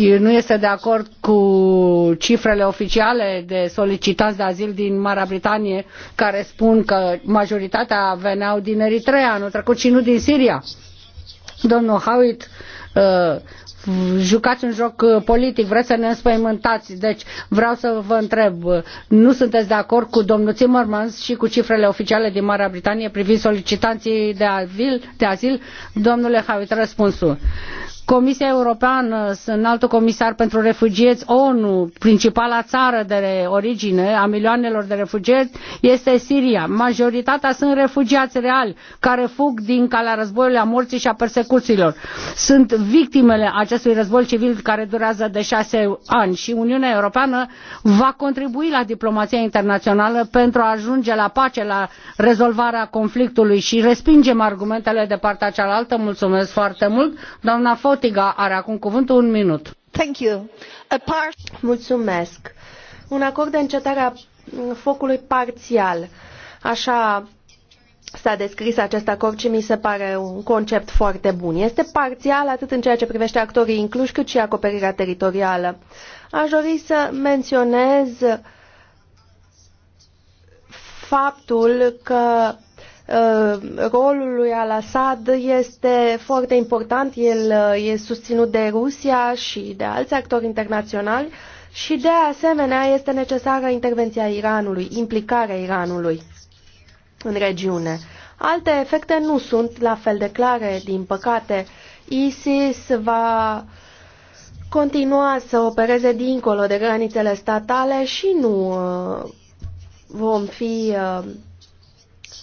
nu este de acord cu cifrele oficiale de solicitanți de azil din Marea Britanie care spun că majoritatea veneau din Eritrea anul trecut și nu din Siria. Domnul Howitt uh, jucați un joc politic, vreți să ne înspăimântați. Deci vreau să vă întreb, nu sunteți de acord cu domnul Timmermans și cu cifrele oficiale din Marea Britanie privind solicitanții de azil? De azil? Domnule Howitt, răspunsul. Comisia Europeană, înaltul comisar pentru refugiați, ONU, principala țară de origine a milioanelor de refugiați, este Siria. Majoritatea sunt refugiați reali care fug din calea războiului, a morții și a persecuțiilor. Sunt victimele acestui război civil care durează de șase ani și Uniunea Europeană va contribui la diplomația internațională pentru a ajunge la pace, la rezolvarea conflictului și respingem argumentele de partea cealaltă. Mulțumesc foarte mult. Doamna Fos Fotiga are acum cuvântul un minut. Mulțumesc. Un acord de încetare a focului parțial. Așa s-a descris acest acord și mi se pare un concept foarte bun. Este parțial atât în ceea ce privește actorii incluși cât și acoperirea teritorială. Aș dori să menționez faptul că Uh, rolul lui Al-Assad este foarte important, el uh, e susținut de Rusia și de alți actori internaționali și de asemenea este necesară intervenția Iranului, implicarea Iranului în regiune. Alte efecte nu sunt la fel de clare, din păcate. ISIS va continua să opereze dincolo de granițele statale și nu uh, vom fi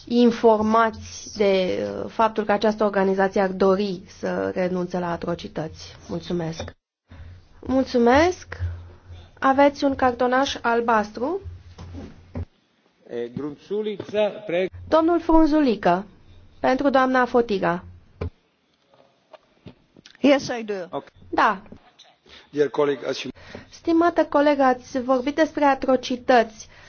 informați de uh, faptul că această organizație ar dori să renunțe la atrocități. Mulțumesc! Mulțumesc! Aveți un cartonaș albastru? Pre... Domnul Frunzulică, pentru doamna Fotiga. Yes, I do. Okay. Da. Dear colleague, as you... Stimată colegă, ați vorbit despre atrocități. Uh,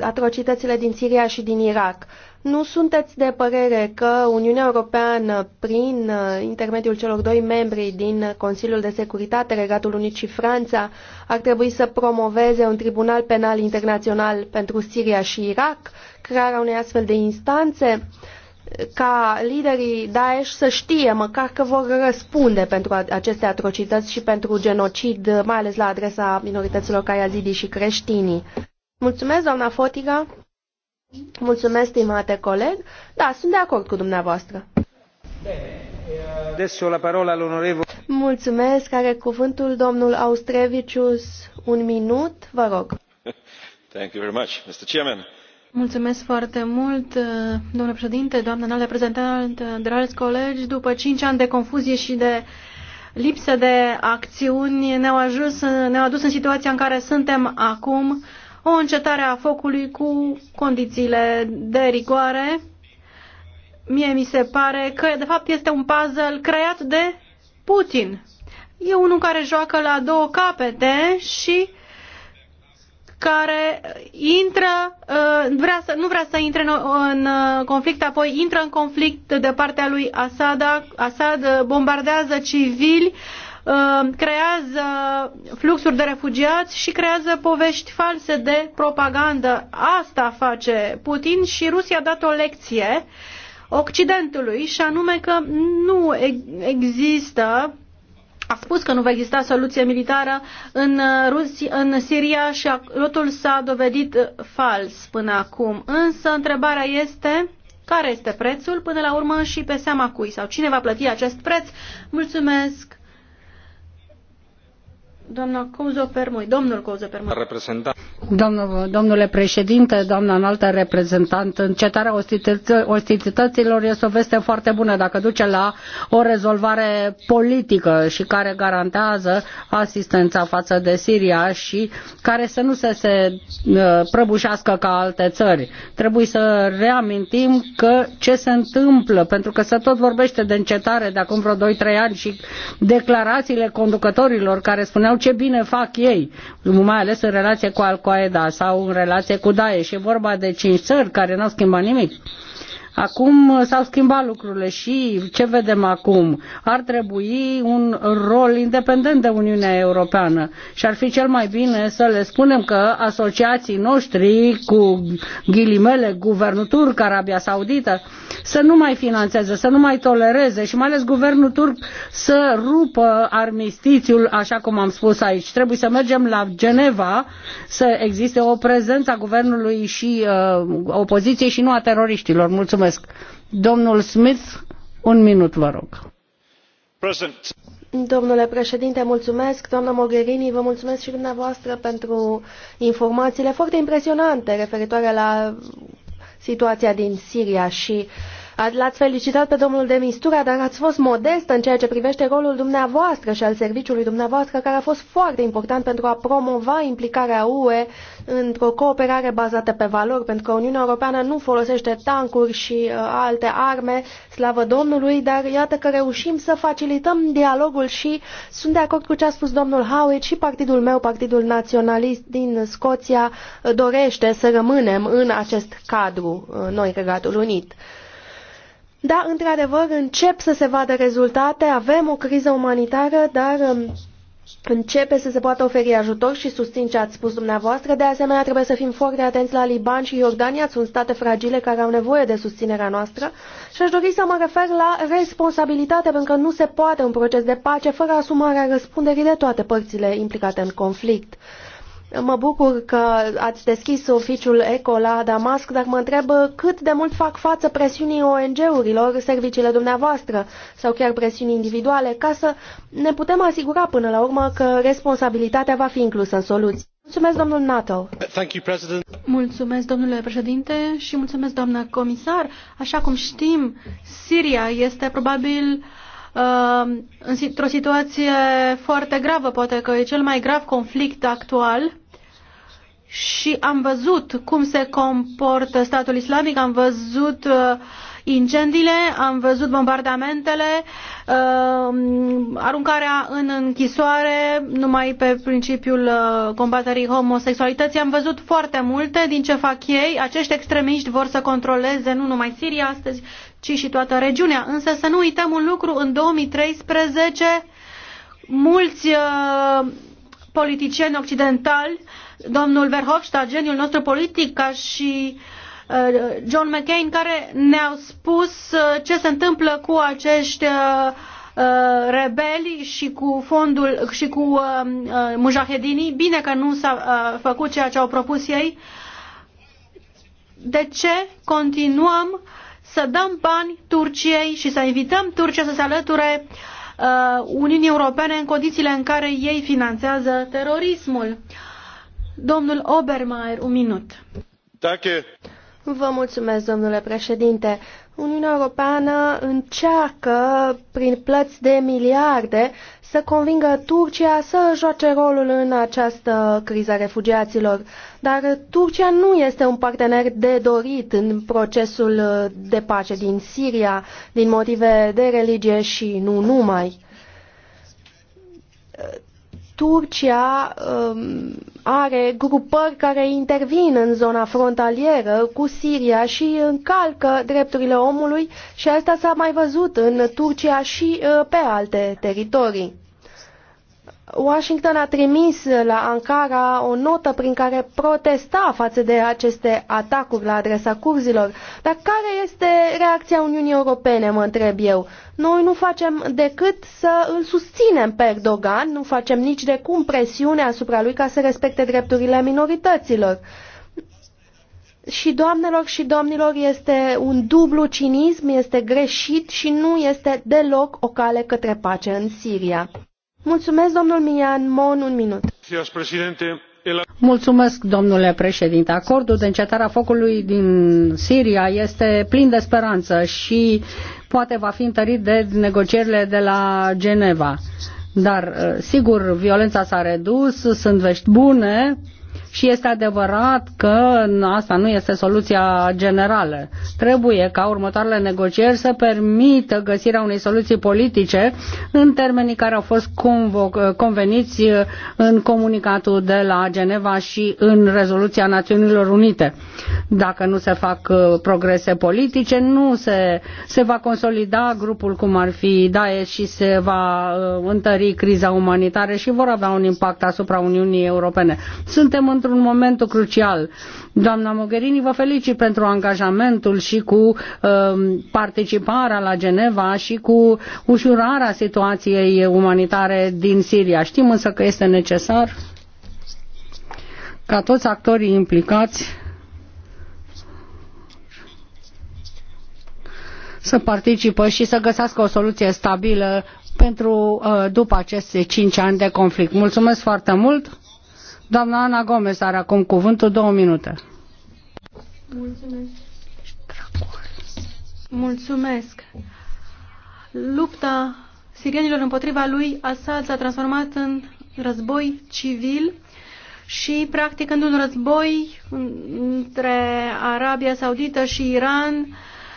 atrocitățile din Siria și din Irak. Nu sunteți de părere că Uniunea Europeană, prin uh, intermediul celor doi membri din Consiliul de Securitate, Regatul Unit și Franța, ar trebui să promoveze un tribunal penal internațional pentru Siria și Irak, crearea unei astfel de instanțe, ca liderii Daesh să știe măcar că vor răspunde pentru aceste atrocități și pentru genocid, mai ales la adresa minorităților yazidii și creștinii. Mulțumesc, doamna Fotiga. Mulțumesc, stimate coleg. Da, sunt de acord cu dumneavoastră. Adesso deci, la parola all'onorevole. Mulțumesc, are cuvântul domnul Austrevicius. Un minut, vă rog. Thank you very much, Mr. Chairman. Mulțumesc foarte mult, domnule președinte, doamnă înalt reprezentant, dragi colegi. După cinci ani de confuzie și de lipsă de acțiuni, ne-au, ajuns, ne-au adus în situația în care suntem acum o încetare a focului cu condițiile de rigoare. Mie mi se pare că, de fapt, este un puzzle creat de Putin. E unul care joacă la două capete și care intră, uh, vrea să, nu vrea să intre în, în uh, conflict, apoi intră în conflict de partea lui Assad, Assad uh, bombardează civili, Uh, creează fluxuri de refugiați și creează povești false de propagandă. Asta face Putin și Rusia a dat o lecție Occidentului și anume că nu există a spus că nu va exista soluție militară în, uh, Rusia, în Siria și lotul s-a dovedit uh, fals până acum. Însă întrebarea este care este prețul până la urmă și pe seama cui sau cine va plăti acest preț. Mulțumesc! domnul domnule președinte, doamnă înaltă reprezentant, încetarea ostilităților este o veste foarte bună dacă duce la o rezolvare politică și care garantează asistența față de Siria și care să nu se, se uh, prăbușească ca alte țări. Trebuie să reamintim că ce se întâmplă, pentru că se tot vorbește de încetare de acum vreo 2-3 ani și declarațiile conducătorilor care spuneau spuneau ce bine fac ei, mai ales în relație cu Al-Qaeda sau în relație cu Daesh. E vorba de cinci țări care n-au schimbat nimic. Acum uh, s-au schimbat lucrurile și ce vedem acum? Ar trebui un rol independent de Uniunea Europeană și ar fi cel mai bine să le spunem că asociații noștri cu ghilimele, guvernul turc, Arabia Saudită, să nu mai finanțeze, să nu mai tolereze și mai ales guvernul turc să rupă armistițiul, așa cum am spus aici. Trebuie să mergem la Geneva să existe o prezență a guvernului și uh, opoziției și nu a teroriștilor. Mulțumesc! Mulțumesc. Domnul Smith, un minut, vă rog. Present. Domnule președinte, mulțumesc. Doamna Mogherini, vă mulțumesc și dumneavoastră pentru informațiile foarte impresionante referitoare la situația din Siria și uh, L-ați felicitat pe domnul de Mistura, dar ați fost modest în ceea ce privește rolul dumneavoastră și al serviciului dumneavoastră, care a fost foarte important pentru a promova implicarea UE într-o cooperare bazată pe valori, pentru că Uniunea Europeană nu folosește tancuri și uh, alte arme, slavă Domnului, dar iată că reușim să facilităm dialogul și sunt de acord cu ce a spus domnul Howitt și partidul meu, Partidul Naționalist din Scoția, uh, dorește să rămânem în acest cadru, uh, noi, Regatul Unit. Da, într-adevăr, încep să se vadă rezultate, avem o criză umanitară, dar um, începe să se poată oferi ajutor și susțin ce ați spus dumneavoastră. De asemenea, trebuie să fim foarte atenți la Liban și Iordania, sunt state fragile care au nevoie de susținerea noastră și aș dori să mă refer la responsabilitate, pentru că nu se poate un proces de pace fără asumarea răspunderii de toate părțile implicate în conflict. Mă bucur că ați deschis oficiul ECO la Damasc, dar mă întreb cât de mult fac față presiunii ONG-urilor, serviciile dumneavoastră sau chiar presiunii individuale, ca să ne putem asigura până la urmă că responsabilitatea va fi inclusă în soluții. Mulțumesc, domnul NATO. Mulțumesc, domnule președinte, și mulțumesc, doamnă comisar. Așa cum știm, Siria este probabil uh, într-o situație foarte gravă, poate că e cel mai grav conflict actual și am văzut cum se comportă statul islamic, am văzut uh, incendiile, am văzut bombardamentele, uh, aruncarea în închisoare numai pe principiul uh, combaterii homosexualității. Am văzut foarte multe din ce fac ei. Acești extremiști vor să controleze nu numai Siria astăzi, ci și toată regiunea. Însă să nu uităm un lucru, în 2013 mulți politicieni occidentali domnul Verhofstadt, geniul nostru politic, ca și uh, John McCain, care ne-au spus uh, ce se întâmplă cu acești uh, rebeli și cu fondul și cu mujahedinii. Bine că nu s-a făcut ceea ce au propus ei. De ce continuăm să dăm bani Turciei și să invităm Turcia să se alăture Uniunii Europene în condițiile în care ei finanțează terorismul? Uh, Domnul minut. Vă mulțumesc, domnule președinte. Uniunea Europeană încearcă, prin plăți de miliarde, să convingă Turcia să joace rolul în această criză a refugiaților. Dar Turcia nu este un partener de dorit în procesul de pace din Siria, din motive de religie și nu numai. Turcia um, are grupări care intervin în zona frontalieră cu Siria și încalcă drepturile omului și asta s-a mai văzut în Turcia și uh, pe alte teritorii. Washington a trimis la Ankara o notă prin care protesta față de aceste atacuri la adresa curzilor. Dar care este reacția Uniunii Europene, mă întreb eu? Noi nu facem decât să îl susținem pe Erdogan, nu facem nici de cum presiune asupra lui ca să respecte drepturile minorităților. Și doamnelor și domnilor, este un dublu cinism, este greșit și nu este deloc o cale către pace în Siria. Mulțumesc, domnul Mian Mon, un minut. Mulțumesc, domnule președinte. Acordul de încetare a focului din Siria este plin de speranță și poate va fi întărit de negocierile de la Geneva. Dar, sigur, violența s-a redus, sunt vești bune, și este adevărat că asta nu este soluția generală. Trebuie ca următoarele negocieri să permită găsirea unei soluții politice în termenii care au fost conveniți în comunicatul de la Geneva și în rezoluția Națiunilor Unite. Dacă nu se fac uh, progrese politice, nu se, se va consolida grupul cum ar fi Daesh și se va uh, întări criza umanitară și vor avea un impact asupra Uniunii Europene. Suntem în într-un moment crucial. Doamna Mogherini, vă felicit pentru angajamentul și cu um, participarea la Geneva și cu ușurarea situației umanitare din Siria. Știm însă că este necesar ca toți actorii implicați să participă și să găsească o soluție stabilă pentru uh, după aceste cinci ani de conflict. Mulțumesc foarte mult! Doamna Ana Gomez are acum cuvântul, două minute. Mulțumesc. Mulțumesc. Lupta sirienilor împotriva lui Assad s-a transformat în război civil și practic în un război între Arabia Saudită și Iran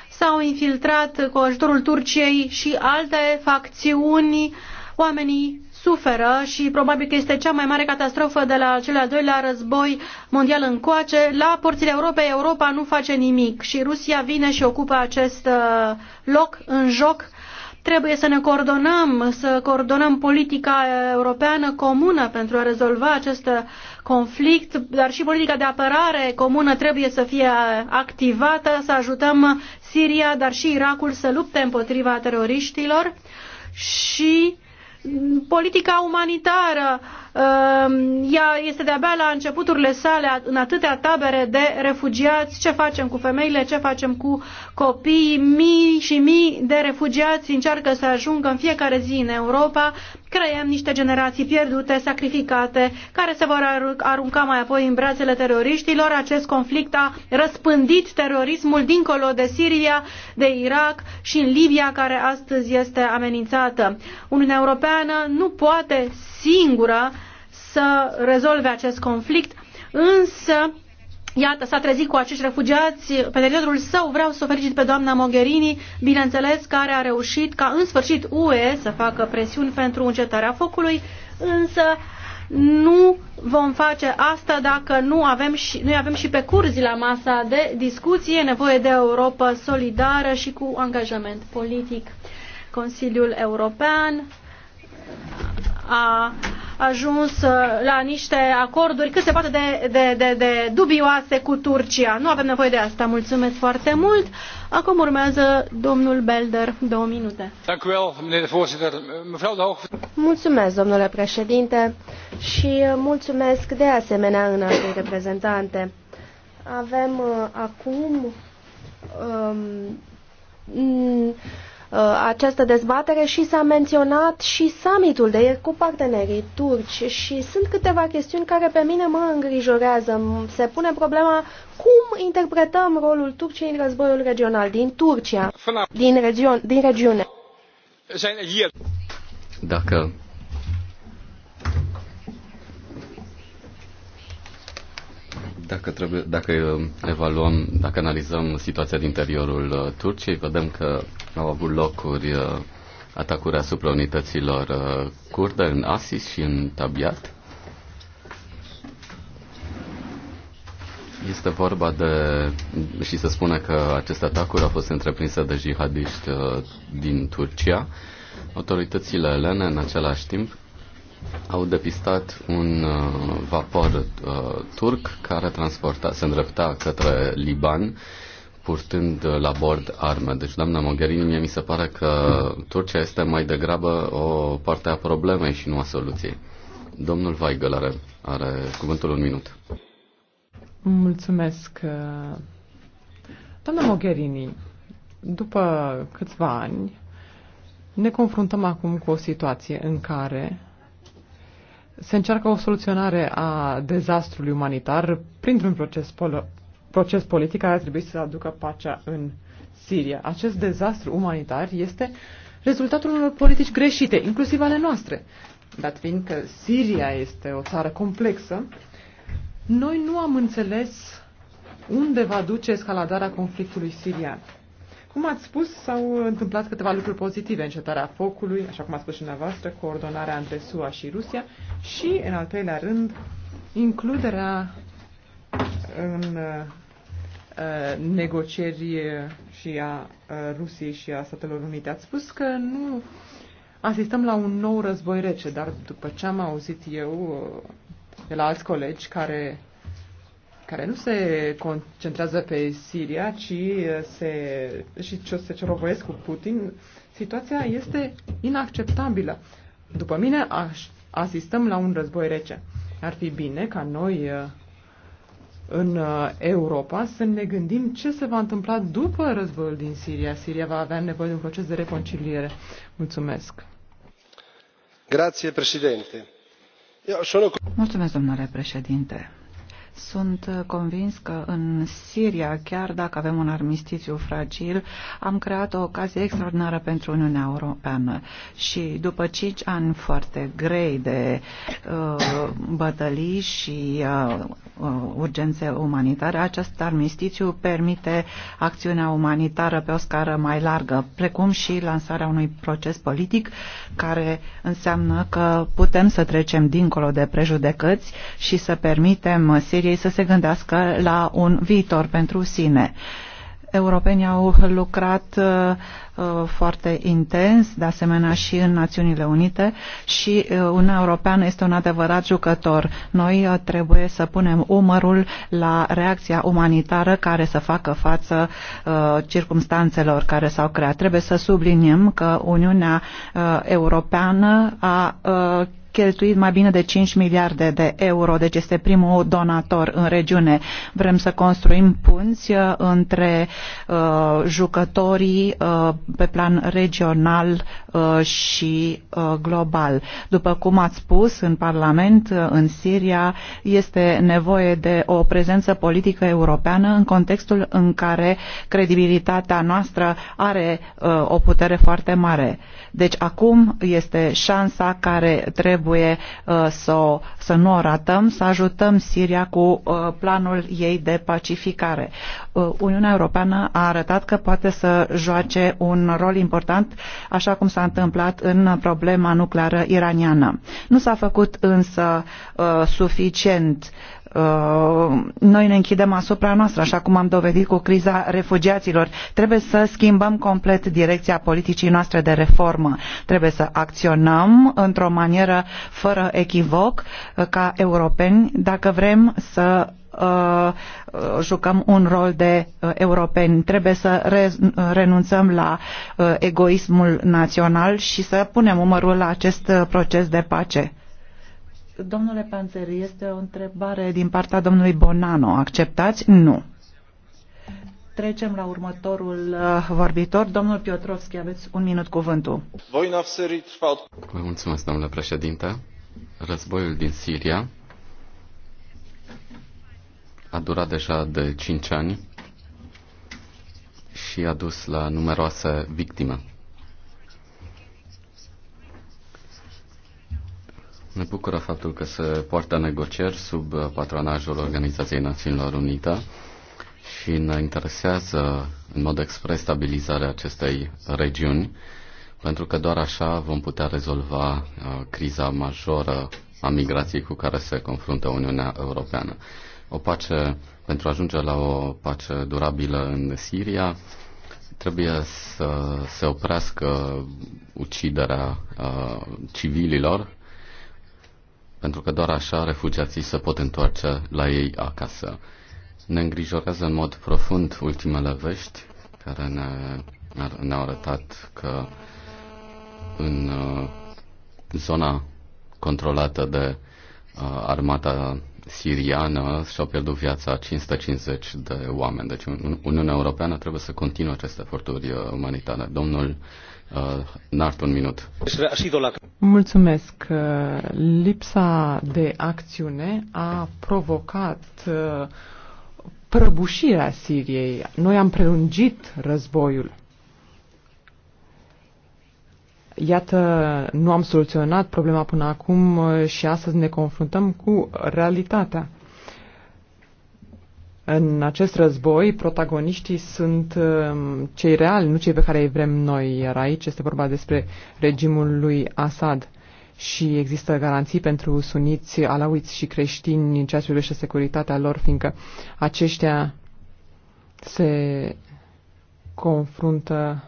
s-au infiltrat cu ajutorul Turciei și alte facțiuni oamenii suferă și probabil că este cea mai mare catastrofă de la cel al doilea război mondial încoace. La porțile Europei, Europa nu face nimic și Rusia vine și ocupă acest uh, loc în joc trebuie să ne coordonăm, să coordonăm politica uh, europeană comună pentru a rezolva acest uh, conflict, dar și politica de apărare comună trebuie să fie activată, să ajutăm Siria, dar și Irakul să lupte împotriva teroriștilor și politica umanitară, um, ea este de-abia la începuturile sale în atâtea tabere de refugiați, ce facem cu femeile, ce facem cu copiii, mii și mii de refugiați încearcă să ajungă în fiecare zi în Europa, creăm niște generații pierdute, sacrificate, care se vor arunca mai apoi în brațele teroriștilor. Acest conflict a răspândit terorismul dincolo de Siria, de Irak și în Libia, care astăzi este amenințată. Uniunea Europeană nu poate singură să rezolve acest conflict, însă Iată, s-a trezit cu acești refugiați pe teritoriul său. Vreau să o felicit pe doamna Mogherini, bineînțeles, care a reușit ca în sfârșit UE să facă presiuni pentru încetarea focului, însă nu vom face asta dacă nu avem și, noi avem și pe curzi la masa de discuție nevoie de Europa solidară și cu angajament politic. Consiliul European a ajuns uh, la niște acorduri cât se poate de, de, de, de dubioase cu Turcia. Nu avem nevoie de asta. Mulțumesc foarte mult. Acum urmează domnul Belder, două minute. Mulțumesc, domnule președinte, și mulțumesc de asemenea în alte reprezentante. Avem uh, acum um, Uh, această dezbatere și s-a menționat și summitul de ieri cu partenerii turci și sunt câteva chestiuni care pe mine mă îngrijorează. Se pune problema cum interpretăm rolul Turciei în războiul regional din Turcia, din, regio- din regiune. Dacă Dacă, trebuie, dacă uh, evaluăm, dacă analizăm situația din interiorul uh, Turciei, vedem că au avut locuri uh, atacuri asupra unităților kurde în Asis și în Tabiat. Este vorba de, și se spune că aceste atacuri au fost întreprinse de jihadiști din Turcia. Autoritățile elene, în același timp, au depistat un uh, vapor uh, turc care transporta, se îndrepta către Liban purtând uh, la bord arme. Deci, doamna Mogherini, mie mi se pare că Turcia este mai degrabă o parte a problemei și nu a soluției. Domnul Weigel are, are cuvântul un minut. Mulțumesc. Uh, doamna Mogherini, după câțiva ani, ne confruntăm acum cu o situație în care se încearcă o soluționare a dezastrului umanitar printr-un proces, polo- proces politic care ar trebui să aducă pacea în Siria. Acest dezastru umanitar este rezultatul unor politici greșite, inclusiv ale noastre. Dat fiind că Siria este o țară complexă, noi nu am înțeles unde va duce escaladarea conflictului sirian. Cum ați spus, s-au întâmplat câteva lucruri pozitive, încetarea focului, așa cum a spus și dumneavoastră, coordonarea între SUA și Rusia și, în al treilea rând, includerea în uh, uh, negocieri și a uh, Rusiei și a Statelor Unite. Ați spus că nu asistăm la un nou război rece, dar după ce am auzit eu de la alți colegi care care nu se concentrează pe Siria, ci uh, se, și ce se cerovoiesc cu Putin, situația este inacceptabilă. După mine, aș, asistăm la un război rece. Ar fi bine ca noi uh, în uh, Europa să ne gândim ce se va întâmpla după războiul din Siria. Siria va avea nevoie de un proces de reconciliere. Mulțumesc. Grazie, președinte. Mulțumesc, domnule președinte. Sunt convins că în Siria, chiar dacă avem un armistițiu fragil, am creat o ocazie extraordinară pentru Uniunea Europeană. Și după cinci ani foarte grei de uh, bătălii și uh, uh, urgențe umanitare, acest armistițiu permite acțiunea umanitară pe o scară mai largă, precum și lansarea unui proces politic care înseamnă că putem să trecem dincolo de prejudecăți și să permitem Siria Siriei să se gândească la un viitor pentru sine. Europenii au lucrat uh, uh, foarte intens, de asemenea și în Națiunile Unite și uh, Uniunea Europeană este un adevărat jucător. Noi uh, trebuie să punem umărul la reacția umanitară care să facă față uh, circumstanțelor care s-au creat. Trebuie să subliniem că Uniunea uh, Europeană a uh, cheltuit mai bine de 5 miliarde de euro, deci este primul donator în regiune. Vrem să construim punți uh, între uh, jucătorii uh, pe plan regional uh, și uh, global. După cum ați spus, în Parlament, uh, în Siria, este nevoie de o prezență politică europeană în contextul în care credibilitatea noastră are uh, o putere foarte mare. Deci acum este șansa care trebuie uh, să, o, să nu o ratăm, să ajutăm Siria cu uh, planul ei de pacificare. Uh, Uniunea Europeană a arătat că poate să joace un rol important, așa cum s-a întâmplat în problema nucleară iraniană. Nu s-a făcut însă suficient uh, Uh, noi ne închidem asupra noastră, așa cum am dovedit cu criza refugiaților. Trebuie să schimbăm complet direcția politicii noastre de reformă. Trebuie să acționăm într-o manieră fără echivoc uh, ca europeni dacă vrem să uh, jucăm un rol de europeni. Trebuie să renunțăm la egoismul național și să punem umărul la acest proces de pace. Domnule Panzeri, este o întrebare din partea domnului Bonano. Acceptați? Nu. Trecem la următorul uh, vorbitor. Domnul Piotrovski, aveți un minut cuvântul. Voina Vă mulțumesc, domnule președinte. Războiul din Siria a durat deja de 5 ani și a dus la numeroase victime. Ne bucură faptul că se poartă negocieri sub uh, patronajul Organizației Națiunilor Unite și ne interesează în mod expres stabilizarea acestei regiuni, pentru că doar așa vom putea rezolva uh, criza majoră a migrației cu care se confruntă Uniunea Europeană. O pace, pentru a ajunge la o pace durabilă în Siria, trebuie să se oprească uciderea uh, civililor pentru că doar așa refugiații se pot întoarce la ei acasă. Ne îngrijorează în mod profund ultimele vești care ne, ne-au arătat că în uh, zona controlată de uh, armata siriană și-au pierdut viața 550 de oameni. Deci Uniunea Europeană trebuie să continue aceste eforturi uh, umanitare. Domnul Uh, Nart, un minut. Mulțumesc. Uh, lipsa de acțiune a provocat uh, prăbușirea Siriei. Noi am prelungit războiul. Iată, nu am soluționat problema până acum și astăzi ne confruntăm cu realitatea. În acest război, protagoniștii sunt um, cei reali, nu cei pe care îi vrem noi, iar aici este vorba despre regimul lui Assad și există garanții pentru suniți, alauiți și creștini în ceea ce privește securitatea lor, fiindcă aceștia se confruntă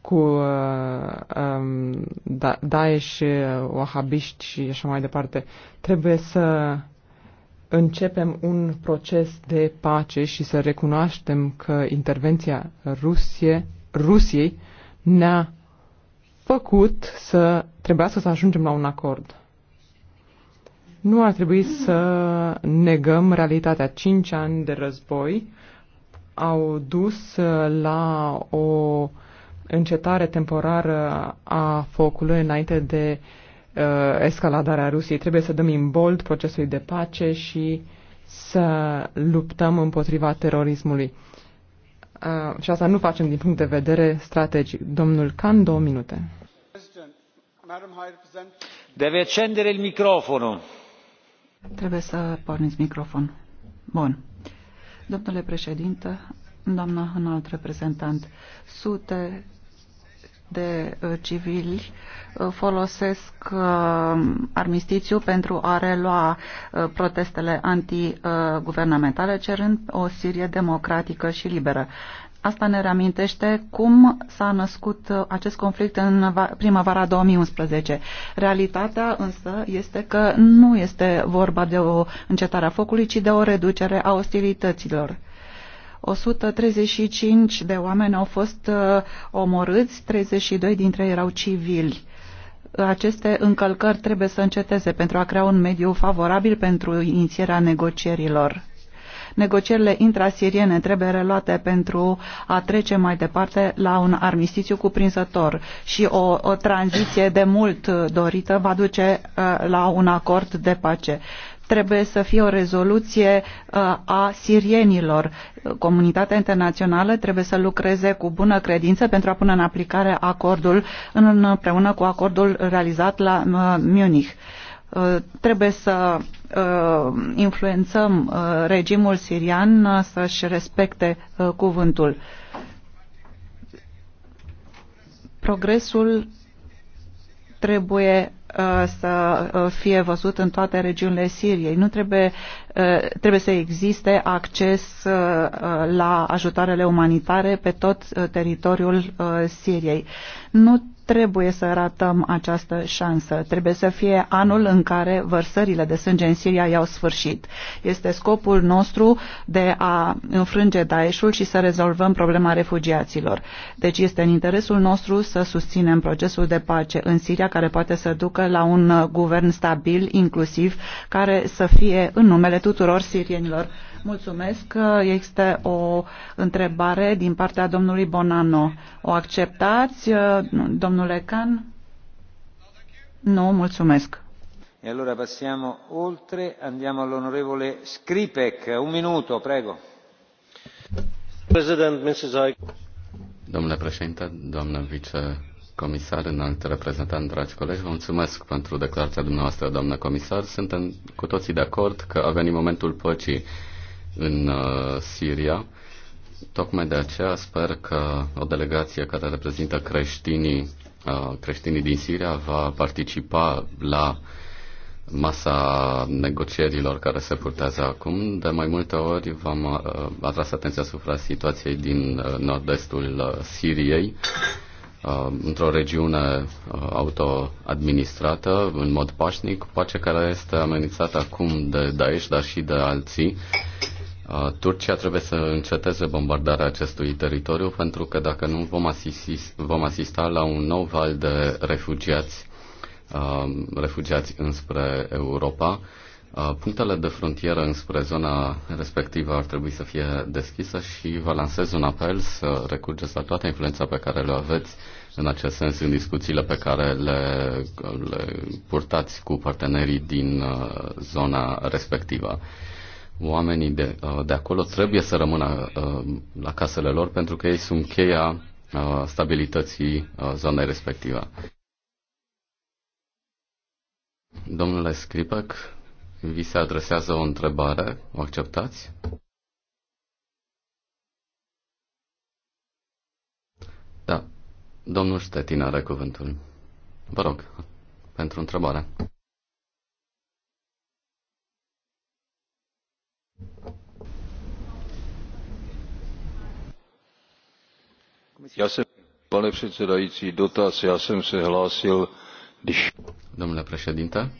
cu uh, um, da Daesh, uh, wahabiști și așa mai departe. Trebuie să începem un proces de pace și să recunoaștem că intervenția Rusie, Rusiei ne-a făcut să trebuiască să ajungem la un acord. Nu ar trebui să negăm realitatea. Cinci ani de război au dus la o încetare temporară a focului înainte de uh, uh, escaladarea Rusiei. Trebuie să dăm imbold procesului de pace și să luptăm împotriva terorismului. Uh, și asta nu facem din punct de vedere strategic. Domnul Can, două minute. Deve accendere il microfono. Trebuie să porniți microfon. Bun. Domnule președinte, doamna înalt reprezentant, sute de uh, civili uh, folosesc uh, armistițiu pentru a relua protestele antiguvernamentale, cerând o Sirie democratică și liberă. Asta ne reamintește cum s-a născut acest conflict în primăvara 2011. Realitatea însă este că nu este vorba de o încetare a focului, ci de o reducere a ostilităților 135 de oameni au fost uh, omorâți, 32 dintre ei erau civili. Aceste încălcări trebuie să înceteze pentru a crea un mediu favorabil pentru inițierea negocierilor. Negocierile intrasiriene trebuie reluate pentru a trece mai departe la un armistițiu cuprinzător și o, o tranziție de mult dorită va duce uh, la un acord de pace trebuie să fie o rezoluție uh, a sirienilor. Comunitatea internațională trebuie să lucreze cu bună credință pentru a pune în aplicare acordul împreună cu acordul realizat la uh, Munich uh, trebuie să influențăm regimul sirian să-și respecte cuvântul. Progresul trebuie Uh, să uh, fie văzut în toate regiunile Siriei. Nu trebuie, uh, trebuie să existe acces la ajutoarele umanitare pe tot teritoriul Siriei. Nu trebuie să ratăm această șansă. Trebuie să fie anul în care vărsările de sânge în Siria iau sfârșit. Este scopul nostru de a înfrânge Daeshul și să rezolvăm problema refugiaților. Deci este în interesul nostru să susținem procesul de pace în Siria care poate să ducă la un guvern stabil, inclusiv, care să fie în numele tuturor sirienilor Mulțumesc. Este o întrebare din partea domnului Bonano. O acceptați, domnule Can? Nu, mulțumesc. E allora passiamo oltre, andiamo all'onorevole Scripec. Un minuto, prego. President, Mrs. I... Domnule președinte, doamnă vicecomisar, înalt reprezentant, dragi colegi, vă mulțumesc pentru declarația dumneavoastră, doamnă comisar. Suntem cu toții de acord că a venit momentul păcii în uh, Siria. Tocmai de aceea sper că o delegație care reprezintă creștinii, uh, creștinii din Siria va participa la masa negocierilor care se purtează acum. De mai multe ori v-am uh, atras atenția asupra situației din nord-estul Siriei, într-o regiune autoadministrată în mod pașnic, pace care este amenințată acum de Daesh, dar și de alții Turcia trebuie să înceteze bombardarea acestui teritoriu pentru că dacă nu vom, asist, vom asista la un nou val de refugiați, uh, refugiați înspre Europa. Uh, punctele de frontieră înspre zona respectivă ar trebui să fie deschisă și vă lansez un apel să recurgeți la toată influența pe care le aveți în acest sens în discuțiile pe care le, le purtați cu partenerii din uh, zona respectivă. Oamenii de, uh, de acolo trebuie să rămână uh, la casele lor pentru că ei sunt cheia uh, stabilității zonei respective. Domnule Scripec, vi se adresează o întrebare. O acceptați? Da. Domnul Ștetin are cuvântul. Vă rog, pentru întrebare. Pane předsedající, dotaz. Já jsem se hlásil, když... Domnule președinte,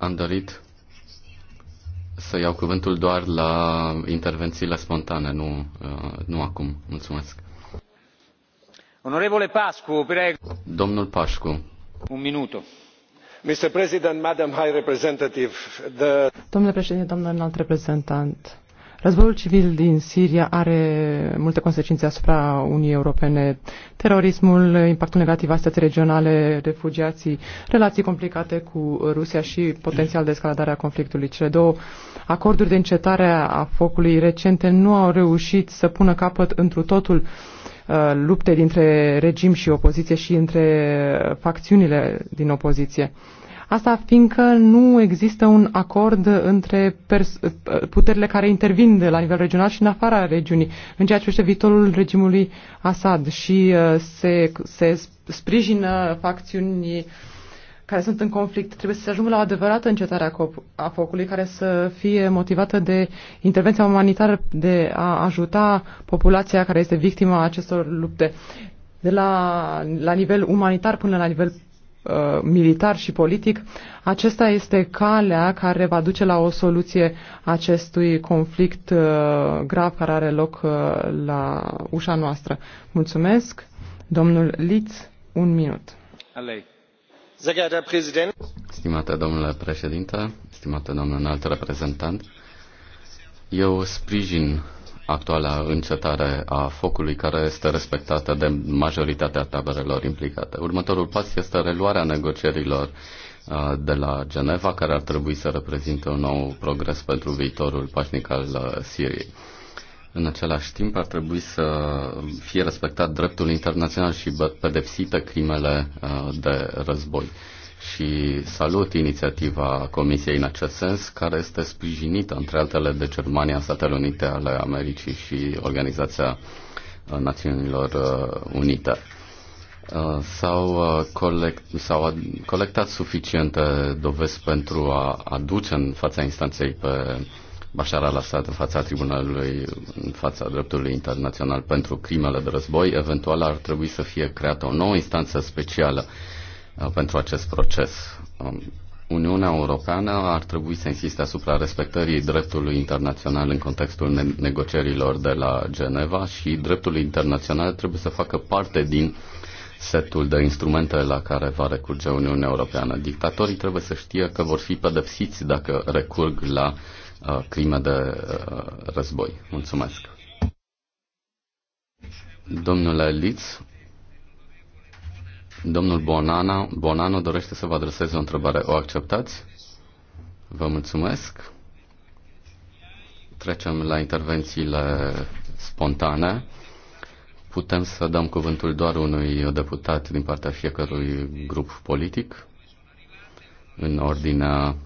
am dorit să iau cuvântul doar la intervențiile spontane, nu, uh, nu acum. Mulțumesc. Onorevole Pascu, prego. Domnul Pașcu. Un minut. Domnule președinte, doamnă înalt reprezentant, războiul civil din Siria are multe consecințe asupra Uniunii Europene. Terorismul, impactul negativ asupra stății regionale, refugiații, relații complicate cu Rusia și potențial de escaladare a conflictului. Cele două acorduri de încetare a focului recente nu au reușit să pună capăt întru totul uh, lupte dintre regim și opoziție și între facțiunile din opoziție. Asta fiindcă nu există un acord între puterile care intervin de la nivel regional și în afara regiunii, în ceea ce privește viitorul regimului Assad și uh, se, se sprijină facțiuni care sunt în conflict. Trebuie să se ajungă la o adevărată încetare a focului care să fie motivată de intervenția umanitară de a ajuta populația care este victima acestor lupte de la, la nivel umanitar până la nivel Uh, militar și politic, acesta este calea care va duce la o soluție acestui conflict uh, grav care are loc uh, la ușa noastră. Mulțumesc. Domnul Litz, un minut. Stimată domnule președinte, stimată domnule înalt reprezentant, eu sprijin actuala încetare a focului care este respectată de majoritatea taberelor implicate. Următorul pas este reluarea negocierilor uh, de la Geneva, care ar trebui să reprezinte un nou progres pentru viitorul pașnic al uh, Siriei. În același timp, ar trebui să fie respectat dreptul internațional și pedepsite crimele uh, de război și salut inițiativa Comisiei în acest sens, care este sprijinită, între altele, de Germania, Statele Unite ale Americii și Organizația uh, Națiunilor uh, Unite. Uh, s-au, colect, colectat suficiente dovezi pentru a aduce în fața instanței pe Bashar al-Assad în fața tribunalului, în fața dreptului internațional pentru crimele de război, eventual ar trebui să fie creată o nouă instanță specială Uh, pentru acest proces. Um, Uniunea Europeană ar trebui să insiste asupra respectării dreptului internațional în contextul negocierilor de la Geneva și dreptul internațional trebuie să facă parte din setul de instrumente la care va recurge Uniunea Europeană. Dictatorii trebuie să știe că vor fi pedepsiți dacă recurg la uh, crime de uh, război. Mulțumesc. Domnule Litz, Domnul Bonana, Bonano dorește să vă adreseze o întrebare. O acceptați? Vă mulțumesc. Trecem la intervențiile spontane. Putem să dăm cuvântul doar unui deputat din partea fiecărui grup politic în ordinea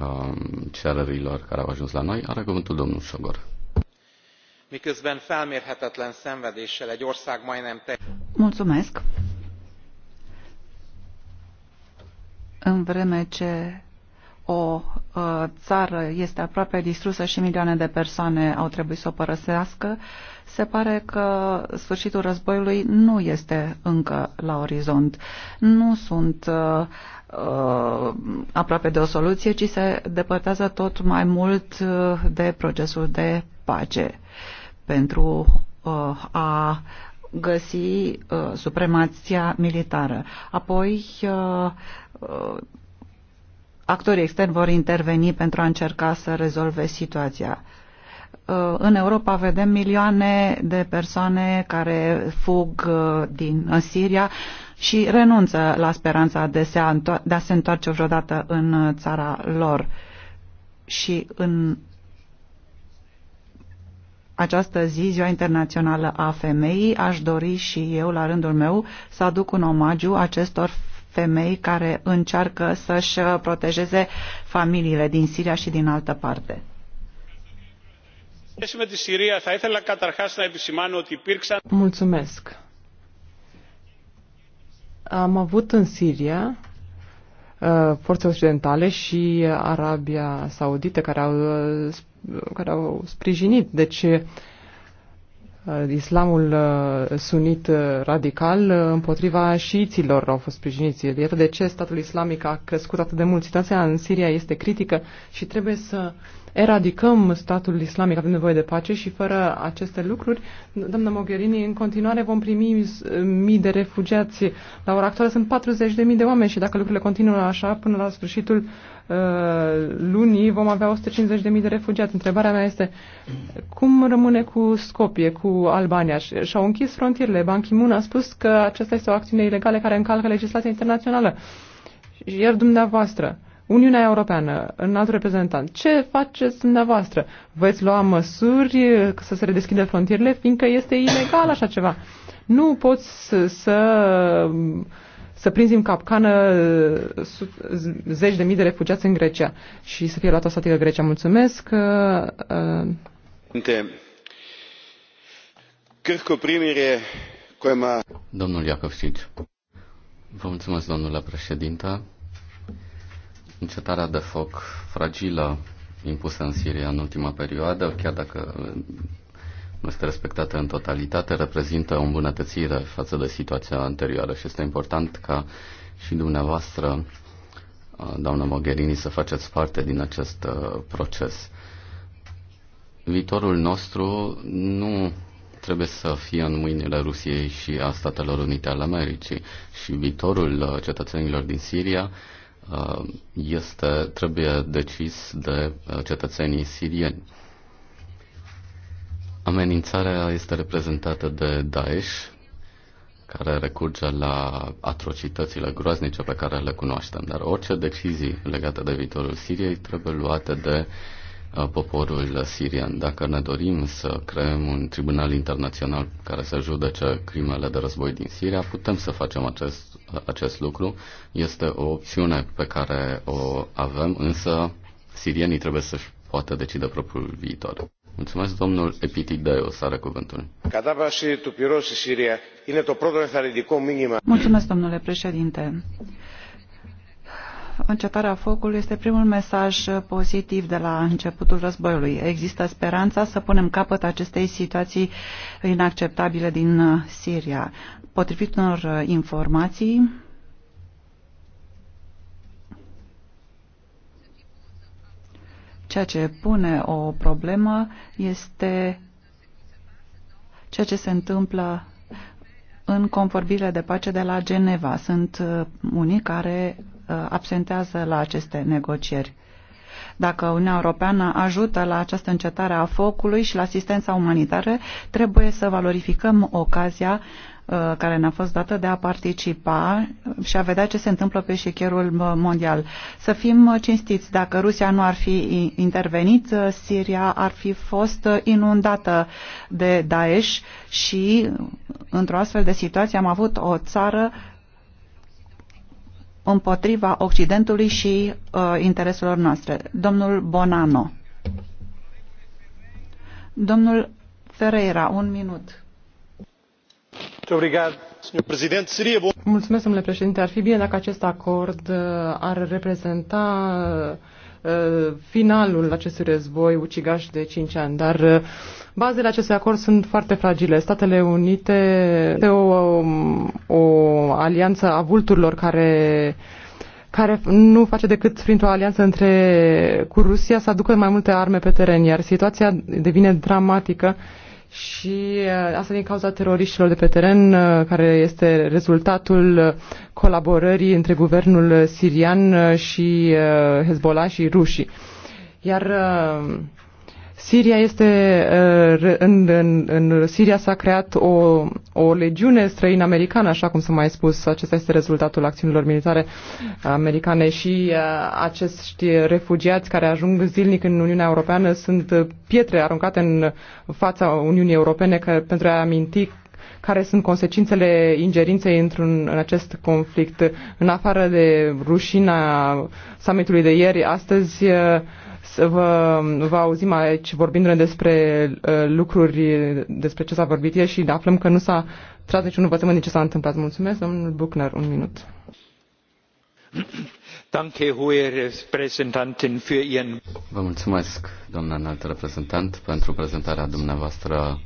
um, cererilor care au ajuns la noi. Are cuvântul domnul Șogor. Miközben felmérhetetlen szenvedéssel egy ország majdnem te... Mulțumesc. în vreme ce o uh, țară este aproape distrusă și milioane de persoane au trebuit să o părăsească, se pare că sfârșitul războiului nu este încă la orizont. Nu sunt uh, uh, aproape de o soluție, ci se depărtează tot mai mult uh, de procesul de pace pentru uh, a găsi uh, supremația militară. Apoi, uh, uh, actorii externi vor interveni pentru a încerca să rezolve situația. Uh, în Europa vedem milioane de persoane care fug uh, din Siria și renunță la speranța de, se a se întoarce vreodată în țara lor. Și în această zi, Ziua Internațională a Femeii, aș dori și eu, la rândul meu, să aduc un omagiu acestor femei care încearcă să-și protejeze familiile din Siria și din altă parte. Mulțumesc. Am avut în Siria uh, forțe occidentale și Arabia Saudită care au uh, care au sprijinit. Deci uh, islamul uh, sunit uh, radical împotriva șiiților au fost sprijiniți. Iată de ce statul islamic a crescut atât de mult. Situația în Siria este critică și trebuie să eradicăm statul islamic, avem nevoie de pace și fără aceste lucruri, doamnă Mogherini, în continuare vom primi uh, mii de refugiați. La ora actuală sunt 40 de mii de oameni și dacă lucrurile continuă așa, până la sfârșitul uh, lunii vom avea 150 de mii de refugiați. Întrebarea mea este, cum rămâne cu Scopie, cu Albania? Și-au închis frontierele. Ban Ki-moon a spus că aceasta este o acțiune ilegală care încalcă legislația internațională. Iar dumneavoastră, uh, Uniunea Europeană, în alt reprezentant, ce faceți dumneavoastră? Veți lua măsuri să se redeschidă frontierele, fiindcă este ilegal așa ceva. Nu poți să, să, să prinzi în capcană zeci de mii de refugiați în Grecia și să fie luată o statică Grecia. Mulțumesc. Grko uh, primire kojima... Domnul Iacovsic. Vă mulțumesc, domnule președinte. Încetarea de foc fragilă impusă în Siria în ultima perioadă, chiar dacă nu este respectată în totalitate, reprezintă o îmbunătățire față de situația anterioară și este important ca și dumneavoastră, doamna Mogherini, să faceți parte din acest proces. Viitorul nostru nu trebuie să fie în mâinile Rusiei și a Statelor Unite ale Americii și viitorul cetățenilor din Siria este, trebuie decis de uh, cetățenii sirieni. Amenințarea este reprezentată de Daesh, care recurge la atrocitățile groaznice pe care le cunoaștem, dar orice decizii legate de viitorul Siriei trebuie luate de uh, poporul sirian. Dacă ne dorim să creăm un tribunal internațional care să judece crimele de război din Siria, putem să facem acest, acest lucru. Este o opțiune pe care o avem, însă sirienii trebuie să-și poată decide propriul viitor. Mulțumesc, domnul să are cuvântul. Mulțumesc, domnule președinte încetarea focului este primul mesaj uh, pozitiv de la începutul războiului. Există speranța să punem capăt acestei situații inacceptabile din uh, Siria. Potrivit unor uh, informații, ceea ce pune o problemă este ceea ce se întâmplă în conformile de pace de la Geneva. Sunt unii care Uh, absentează la aceste negocieri. Dacă Uniunea Europeană ajută la această încetare a focului și la asistența umanitară, trebuie să valorificăm ocazia uh, care ne-a fost dată de a participa și a vedea ce se întâmplă pe șecherul mondial. Să fim cinstiți, dacă Rusia nu ar fi intervenit, uh, Siria ar fi fost inundată de Daesh și într-o astfel de situație am avut o țară împotriva Occidentului și uh, intereselor noastre. Domnul Bonano. Domnul Ferreira, un minut. Mulțumesc, domnule președinte. Ar fi bine dacă acest acord uh, ar reprezenta Uh, finalul acestui război ucigaș de 5 ani, dar uh, bazele acestui acord sunt foarte fragile. Statele Unite este o, um, o alianță a vulturilor care care nu face decât printr-o alianță între, cu Rusia să aducă mai multe arme pe teren, iar situația devine dramatică și uh, asta din cauza teroriștilor de pe teren, uh, care este rezultatul uh, colaborării între guvernul sirian și Hezbollah și rușii. Iar Siria este uh, în, în, în Siria s-a creat o, o legiune străină americană, așa cum s-a mai spus. Acesta este rezultatul acțiunilor militare americane și uh, acești refugiați care ajung zilnic în Uniunea Europeană sunt pietre aruncate în fața Uniunii Europene că, pentru a aminti care sunt consecințele ingerinței într-un, în acest conflict. În afară de rușina summitului de ieri, astăzi uh, vă, vă auzim aici vorbindu-ne despre uh, lucruri, despre ce s-a vorbit ieri și aflăm că nu s-a tras niciun învățământ din ce s-a întâmplat. Mulțumesc, domnul Buchner, un minut. Vă mulțumesc, doamna înaltă reprezentant, pentru prezentarea dumneavoastră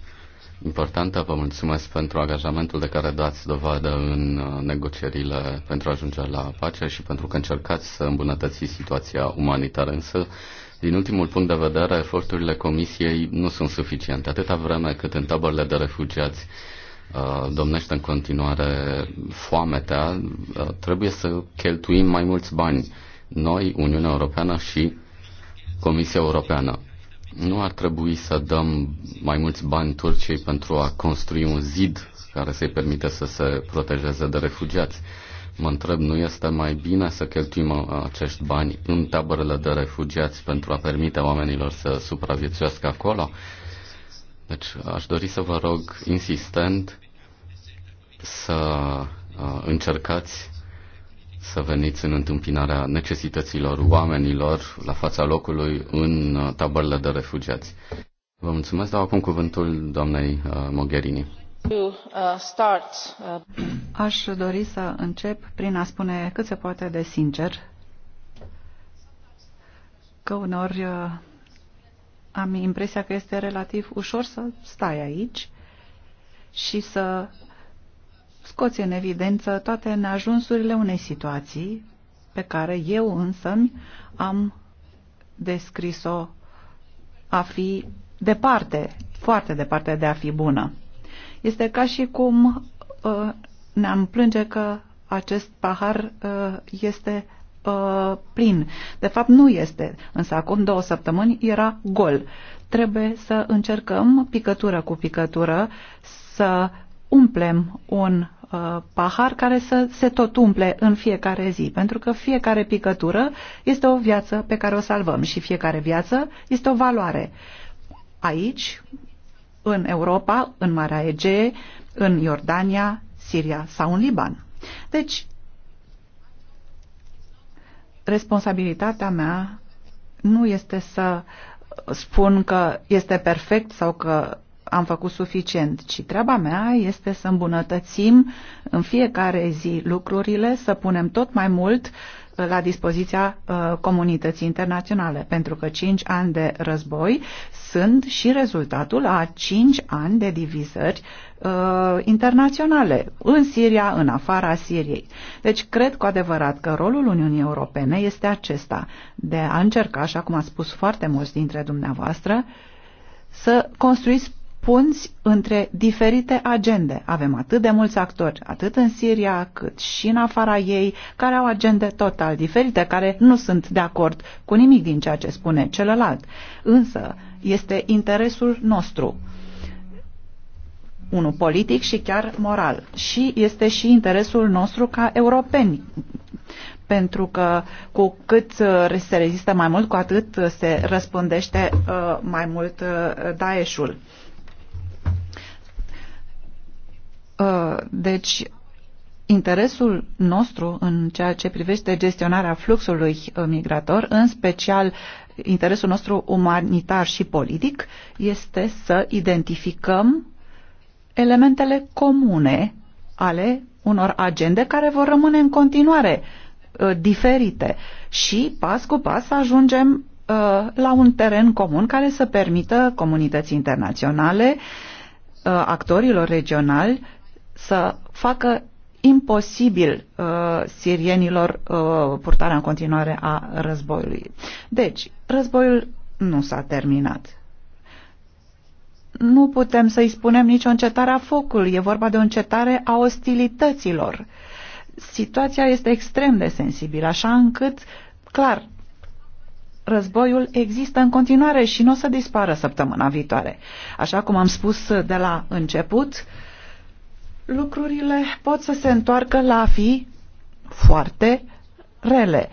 importantă. Vă mulțumesc pentru angajamentul de care dați dovadă în negocierile pentru a ajunge la pace și pentru că încercați să îmbunătățiți situația umanitară. Însă din ultimul punct de vedere, eforturile Comisiei nu sunt suficiente. Atâta vreme cât în taberele de refugiați uh, domnește în continuare foametea, uh, trebuie să cheltuim mai mulți bani. Noi, Uniunea Europeană și Comisia Europeană. Nu ar trebui să dăm mai mulți bani Turciei pentru a construi un zid care să-i permită să se protejeze de refugiați. Mă întreb, nu este mai bine să cheltuim uh, acești bani în taberele de refugiați pentru a permite oamenilor să supraviețuiască acolo? Deci aș dori să vă rog insistent să uh, încercați să veniți în întâmpinarea necesităților oamenilor la fața locului în uh, taberele de refugiați. Vă mulțumesc, dau acum cuvântul doamnei Mogherini. Uh, uh, Aș dori să încep prin a spune cât se poate de sincer că uneori uh, am impresia că este relativ ușor să stai aici și să scoți în evidență toate neajunsurile unei situații pe care eu însă am descris-o a fi departe, foarte departe de a fi bună. Este ca și cum uh, ne-am plânge că acest pahar uh, este uh, plin. De fapt, nu este. Însă acum două săptămâni era gol. Trebuie să încercăm picătură cu picătură să umplem un pahar care să se tot umple în fiecare zi, pentru că fiecare picătură este o viață pe care o salvăm și fiecare viață este o valoare. Aici, în Europa, în Marea Egee, în Iordania, Siria sau în Liban. Deci, responsabilitatea mea nu este să spun că este perfect sau că am făcut suficient, ci treaba mea este să îmbunătățim în fiecare zi lucrurile, să punem tot mai mult la dispoziția uh, comunității internaționale, pentru că 5 ani de război sunt și rezultatul a 5 ani de divizări uh, internaționale în Siria, în afara Siriei. Deci cred cu adevărat că rolul Uniunii Europene este acesta de a încerca, așa cum a spus foarte mulți dintre dumneavoastră, să construiți punți între diferite agende. Avem atât de mulți actori, atât în Siria cât și în afara ei, care au agende total diferite, care nu sunt de acord cu nimic din ceea ce spune celălalt. Însă este interesul nostru unul politic și chiar moral. Și este și interesul nostru ca europeni, pentru că cu cât uh, se rezistă mai mult, cu atât se răspândește uh, mai mult uh, Daeshul. Uh, deci, interesul nostru în ceea ce privește gestionarea fluxului uh, migrator, în special interesul nostru umanitar și politic, este să identificăm elementele comune ale unor agende care vor rămâne în continuare uh, diferite și pas cu pas să ajungem la un teren comun care să permită comunității internaționale, actorilor regionali să facă imposibil uh, sirienilor uh, purtarea în continuare a războiului. Deci, războiul nu s-a terminat. Nu putem să-i spunem nicio încetare a focului, e vorba de o încetare a ostilităților. Situația este extrem de sensibilă, așa încât, clar, războiul există în continuare și nu o să dispară săptămâna viitoare. Așa cum am spus de la început, uh, lucrurile pot să se întoarcă la a fi foarte rele.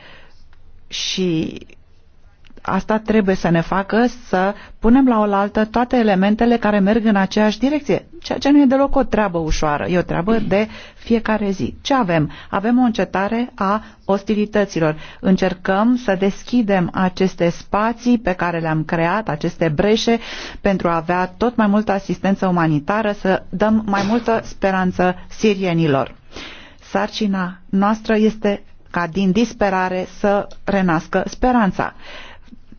Și asta trebuie să ne facă să punem la oaltă toate elementele care merg în aceeași direcție, ceea ce nu e deloc o treabă ușoară, e o treabă de fiecare zi. Ce avem? Avem o încetare a ostilităților. Încercăm să deschidem aceste spații pe care le-am creat, aceste breșe, pentru a avea tot mai multă asistență umanitară, să dăm mai multă speranță sirienilor. Sarcina noastră este ca din disperare să renască speranța.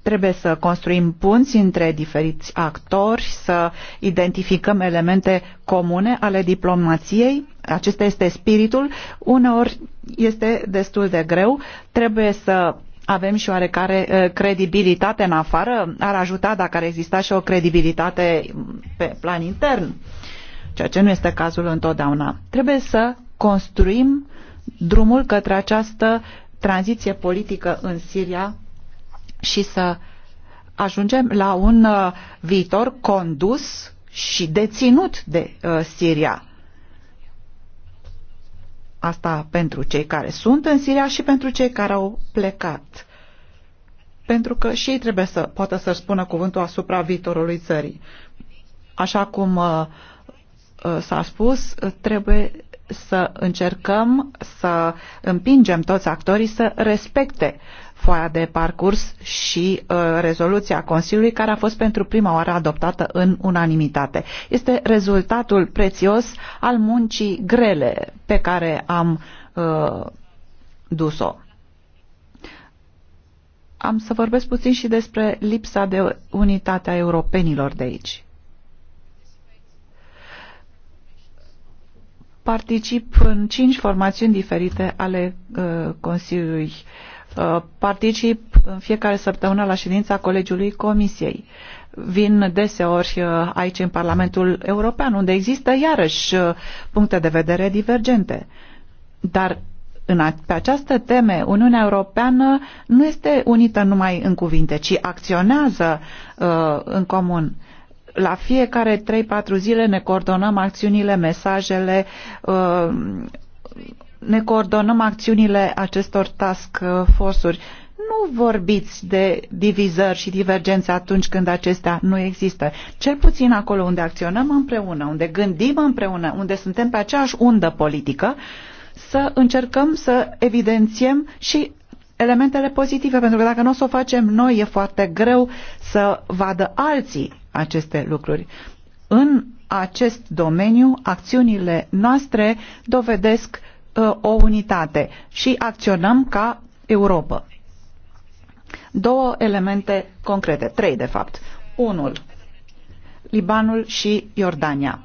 Trebuie să construim punți între diferiți actori, să identificăm elemente comune ale diplomației. Acesta este spiritul. Uneori este destul de greu. Trebuie să avem și oarecare uh, credibilitate în afară. Ar ajuta dacă ar exista și o credibilitate pe plan intern, ceea ce nu este cazul întotdeauna. Trebuie să construim drumul către această tranziție politică în Siria și să ajungem la un uh, viitor condus și deținut de uh, Siria. Asta pentru cei care sunt în Siria și pentru cei care au plecat. Pentru că și ei trebuie să poată să-și spună cuvântul asupra viitorului țării. Așa cum uh, s-a spus, trebuie să încercăm să împingem toți actorii să respecte foaia de parcurs și uh, rezoluția Consiliului, care a fost pentru prima oară adoptată în unanimitate. Este rezultatul prețios al muncii grele pe care am uh, dus-o. Am să vorbesc puțin și despre lipsa de unitate a europenilor de aici. Particip în cinci formațiuni diferite ale uh, Consiliului uh, Uh, particip în fiecare săptămână la ședința Colegiului Comisiei. Vin deseori uh, aici în Parlamentul European, unde există iarăși uh, puncte de vedere divergente. Dar în a, pe această teme, Uniunea Europeană nu este unită numai în cuvinte, ci acționează uh, în comun. La fiecare 3-4 zile ne coordonăm acțiunile, mesajele, uh, ne coordonăm acțiunile acestor task force-uri. Nu vorbiți de divizări și divergențe atunci când acestea nu există. Cel puțin acolo unde acționăm împreună, unde gândim împreună, unde suntem pe aceeași undă politică, să încercăm să evidențiem și elementele pozitive, pentru că dacă nu o să o facem noi, e foarte greu să vadă alții aceste lucruri. În acest domeniu, acțiunile noastre dovedesc Uh, o unitate și acționăm ca Europa. Două elemente concrete, trei de fapt. Unul, Libanul și Iordania.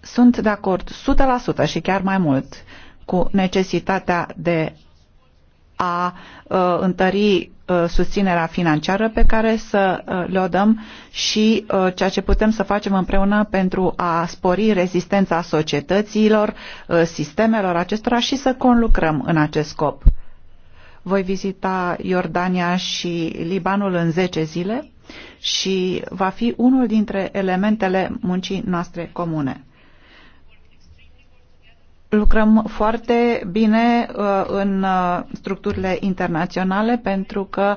Sunt de acord 100% și chiar mai mult cu necesitatea de a uh, întări Uh, susținerea financiară pe care să uh, le o dăm și uh, ceea ce putem să facem împreună pentru a spori rezistența societăților, sistemelor acestora și să conlucrăm în acest scop. Voi vizita Iordania și Libanul în 10 zile și va fi unul dintre elementele muncii noastre comune lucrăm foarte bine uh, în uh, structurile internaționale pentru că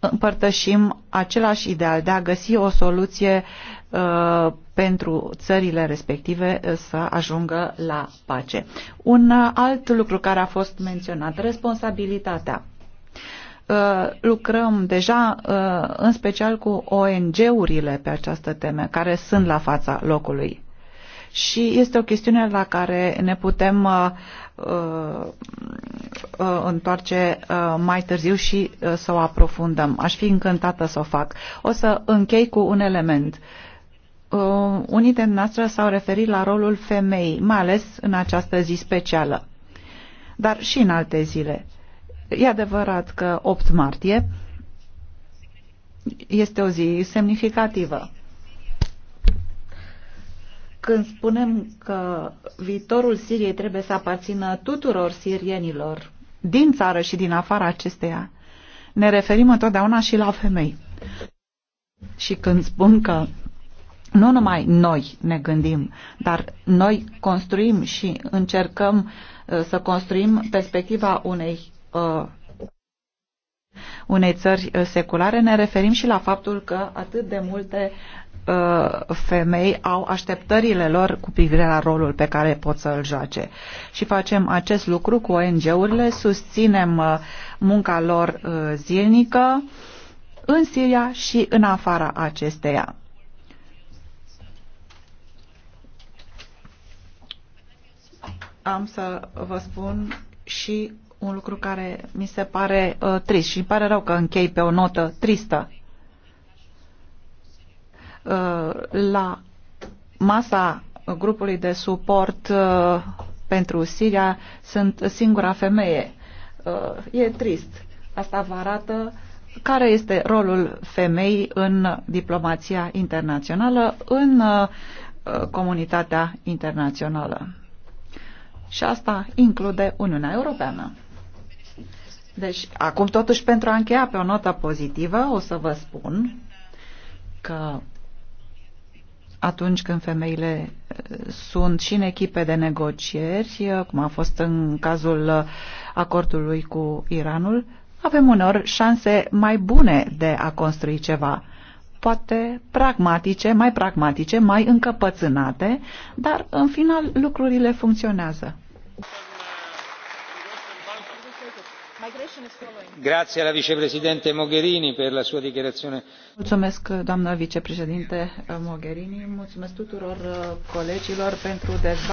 împărtășim același ideal de a găsi o soluție uh, pentru țările respective să ajungă la pace. Un alt lucru care a fost menționat, responsabilitatea. Lucrăm deja în special cu ONG-urile pe această temă, care sunt la fața locului și este o chestiune la care ne putem uh, uh, uh, întoarce uh, mai târziu și uh, să o aprofundăm. Aș fi încântată să o fac. O să închei cu un element. Uh, unii dintre noastre s-au referit la rolul femeii, mai ales în această zi specială, dar și în alte zile. E adevărat că 8 martie este o zi semnificativă când spunem că viitorul Siriei trebuie să aparțină tuturor sirienilor, din țară și din afara acesteia, ne referim întotdeauna și la femei. Și când spun că nu numai noi ne gândim, dar noi construim și încercăm uh, să construim perspectiva unei uh, unei țări uh, seculare, ne referim și la faptul că atât de multe Uh, femei au așteptările lor cu privire la rolul pe care pot să-l joace. Și facem acest lucru cu ONG-urile, susținem uh, munca lor uh, zilnică în Siria și în afara acesteia. Am să vă spun și un lucru care mi se pare uh, trist și îmi pare rău că închei pe o notă tristă Uh, la masa grupului de suport uh, pentru Siria sunt singura femeie. Uh, e trist. Asta vă arată care este rolul femei în diplomația internațională, în comunitatea internațională. Și asta include Uniunea Europeană. Deci, acum totuși, pentru a încheia pe o notă pozitivă, o să vă spun că atunci când femeile uh, sunt și în echipe de negocieri, uh, cum a fost în cazul uh, acordului cu Iranul, avem unor șanse mai bune de a construi ceva. Poate pragmatice, mai pragmatice, mai încăpățânate, dar în final lucrurile funcționează. Grazie alla vicepresidente Mogherini per la sua dichiarazione. Mulțumesc, doamnă vicepreședinte Mogherini, mulțumesc tuturor uh, colegilor pentru dezbatere.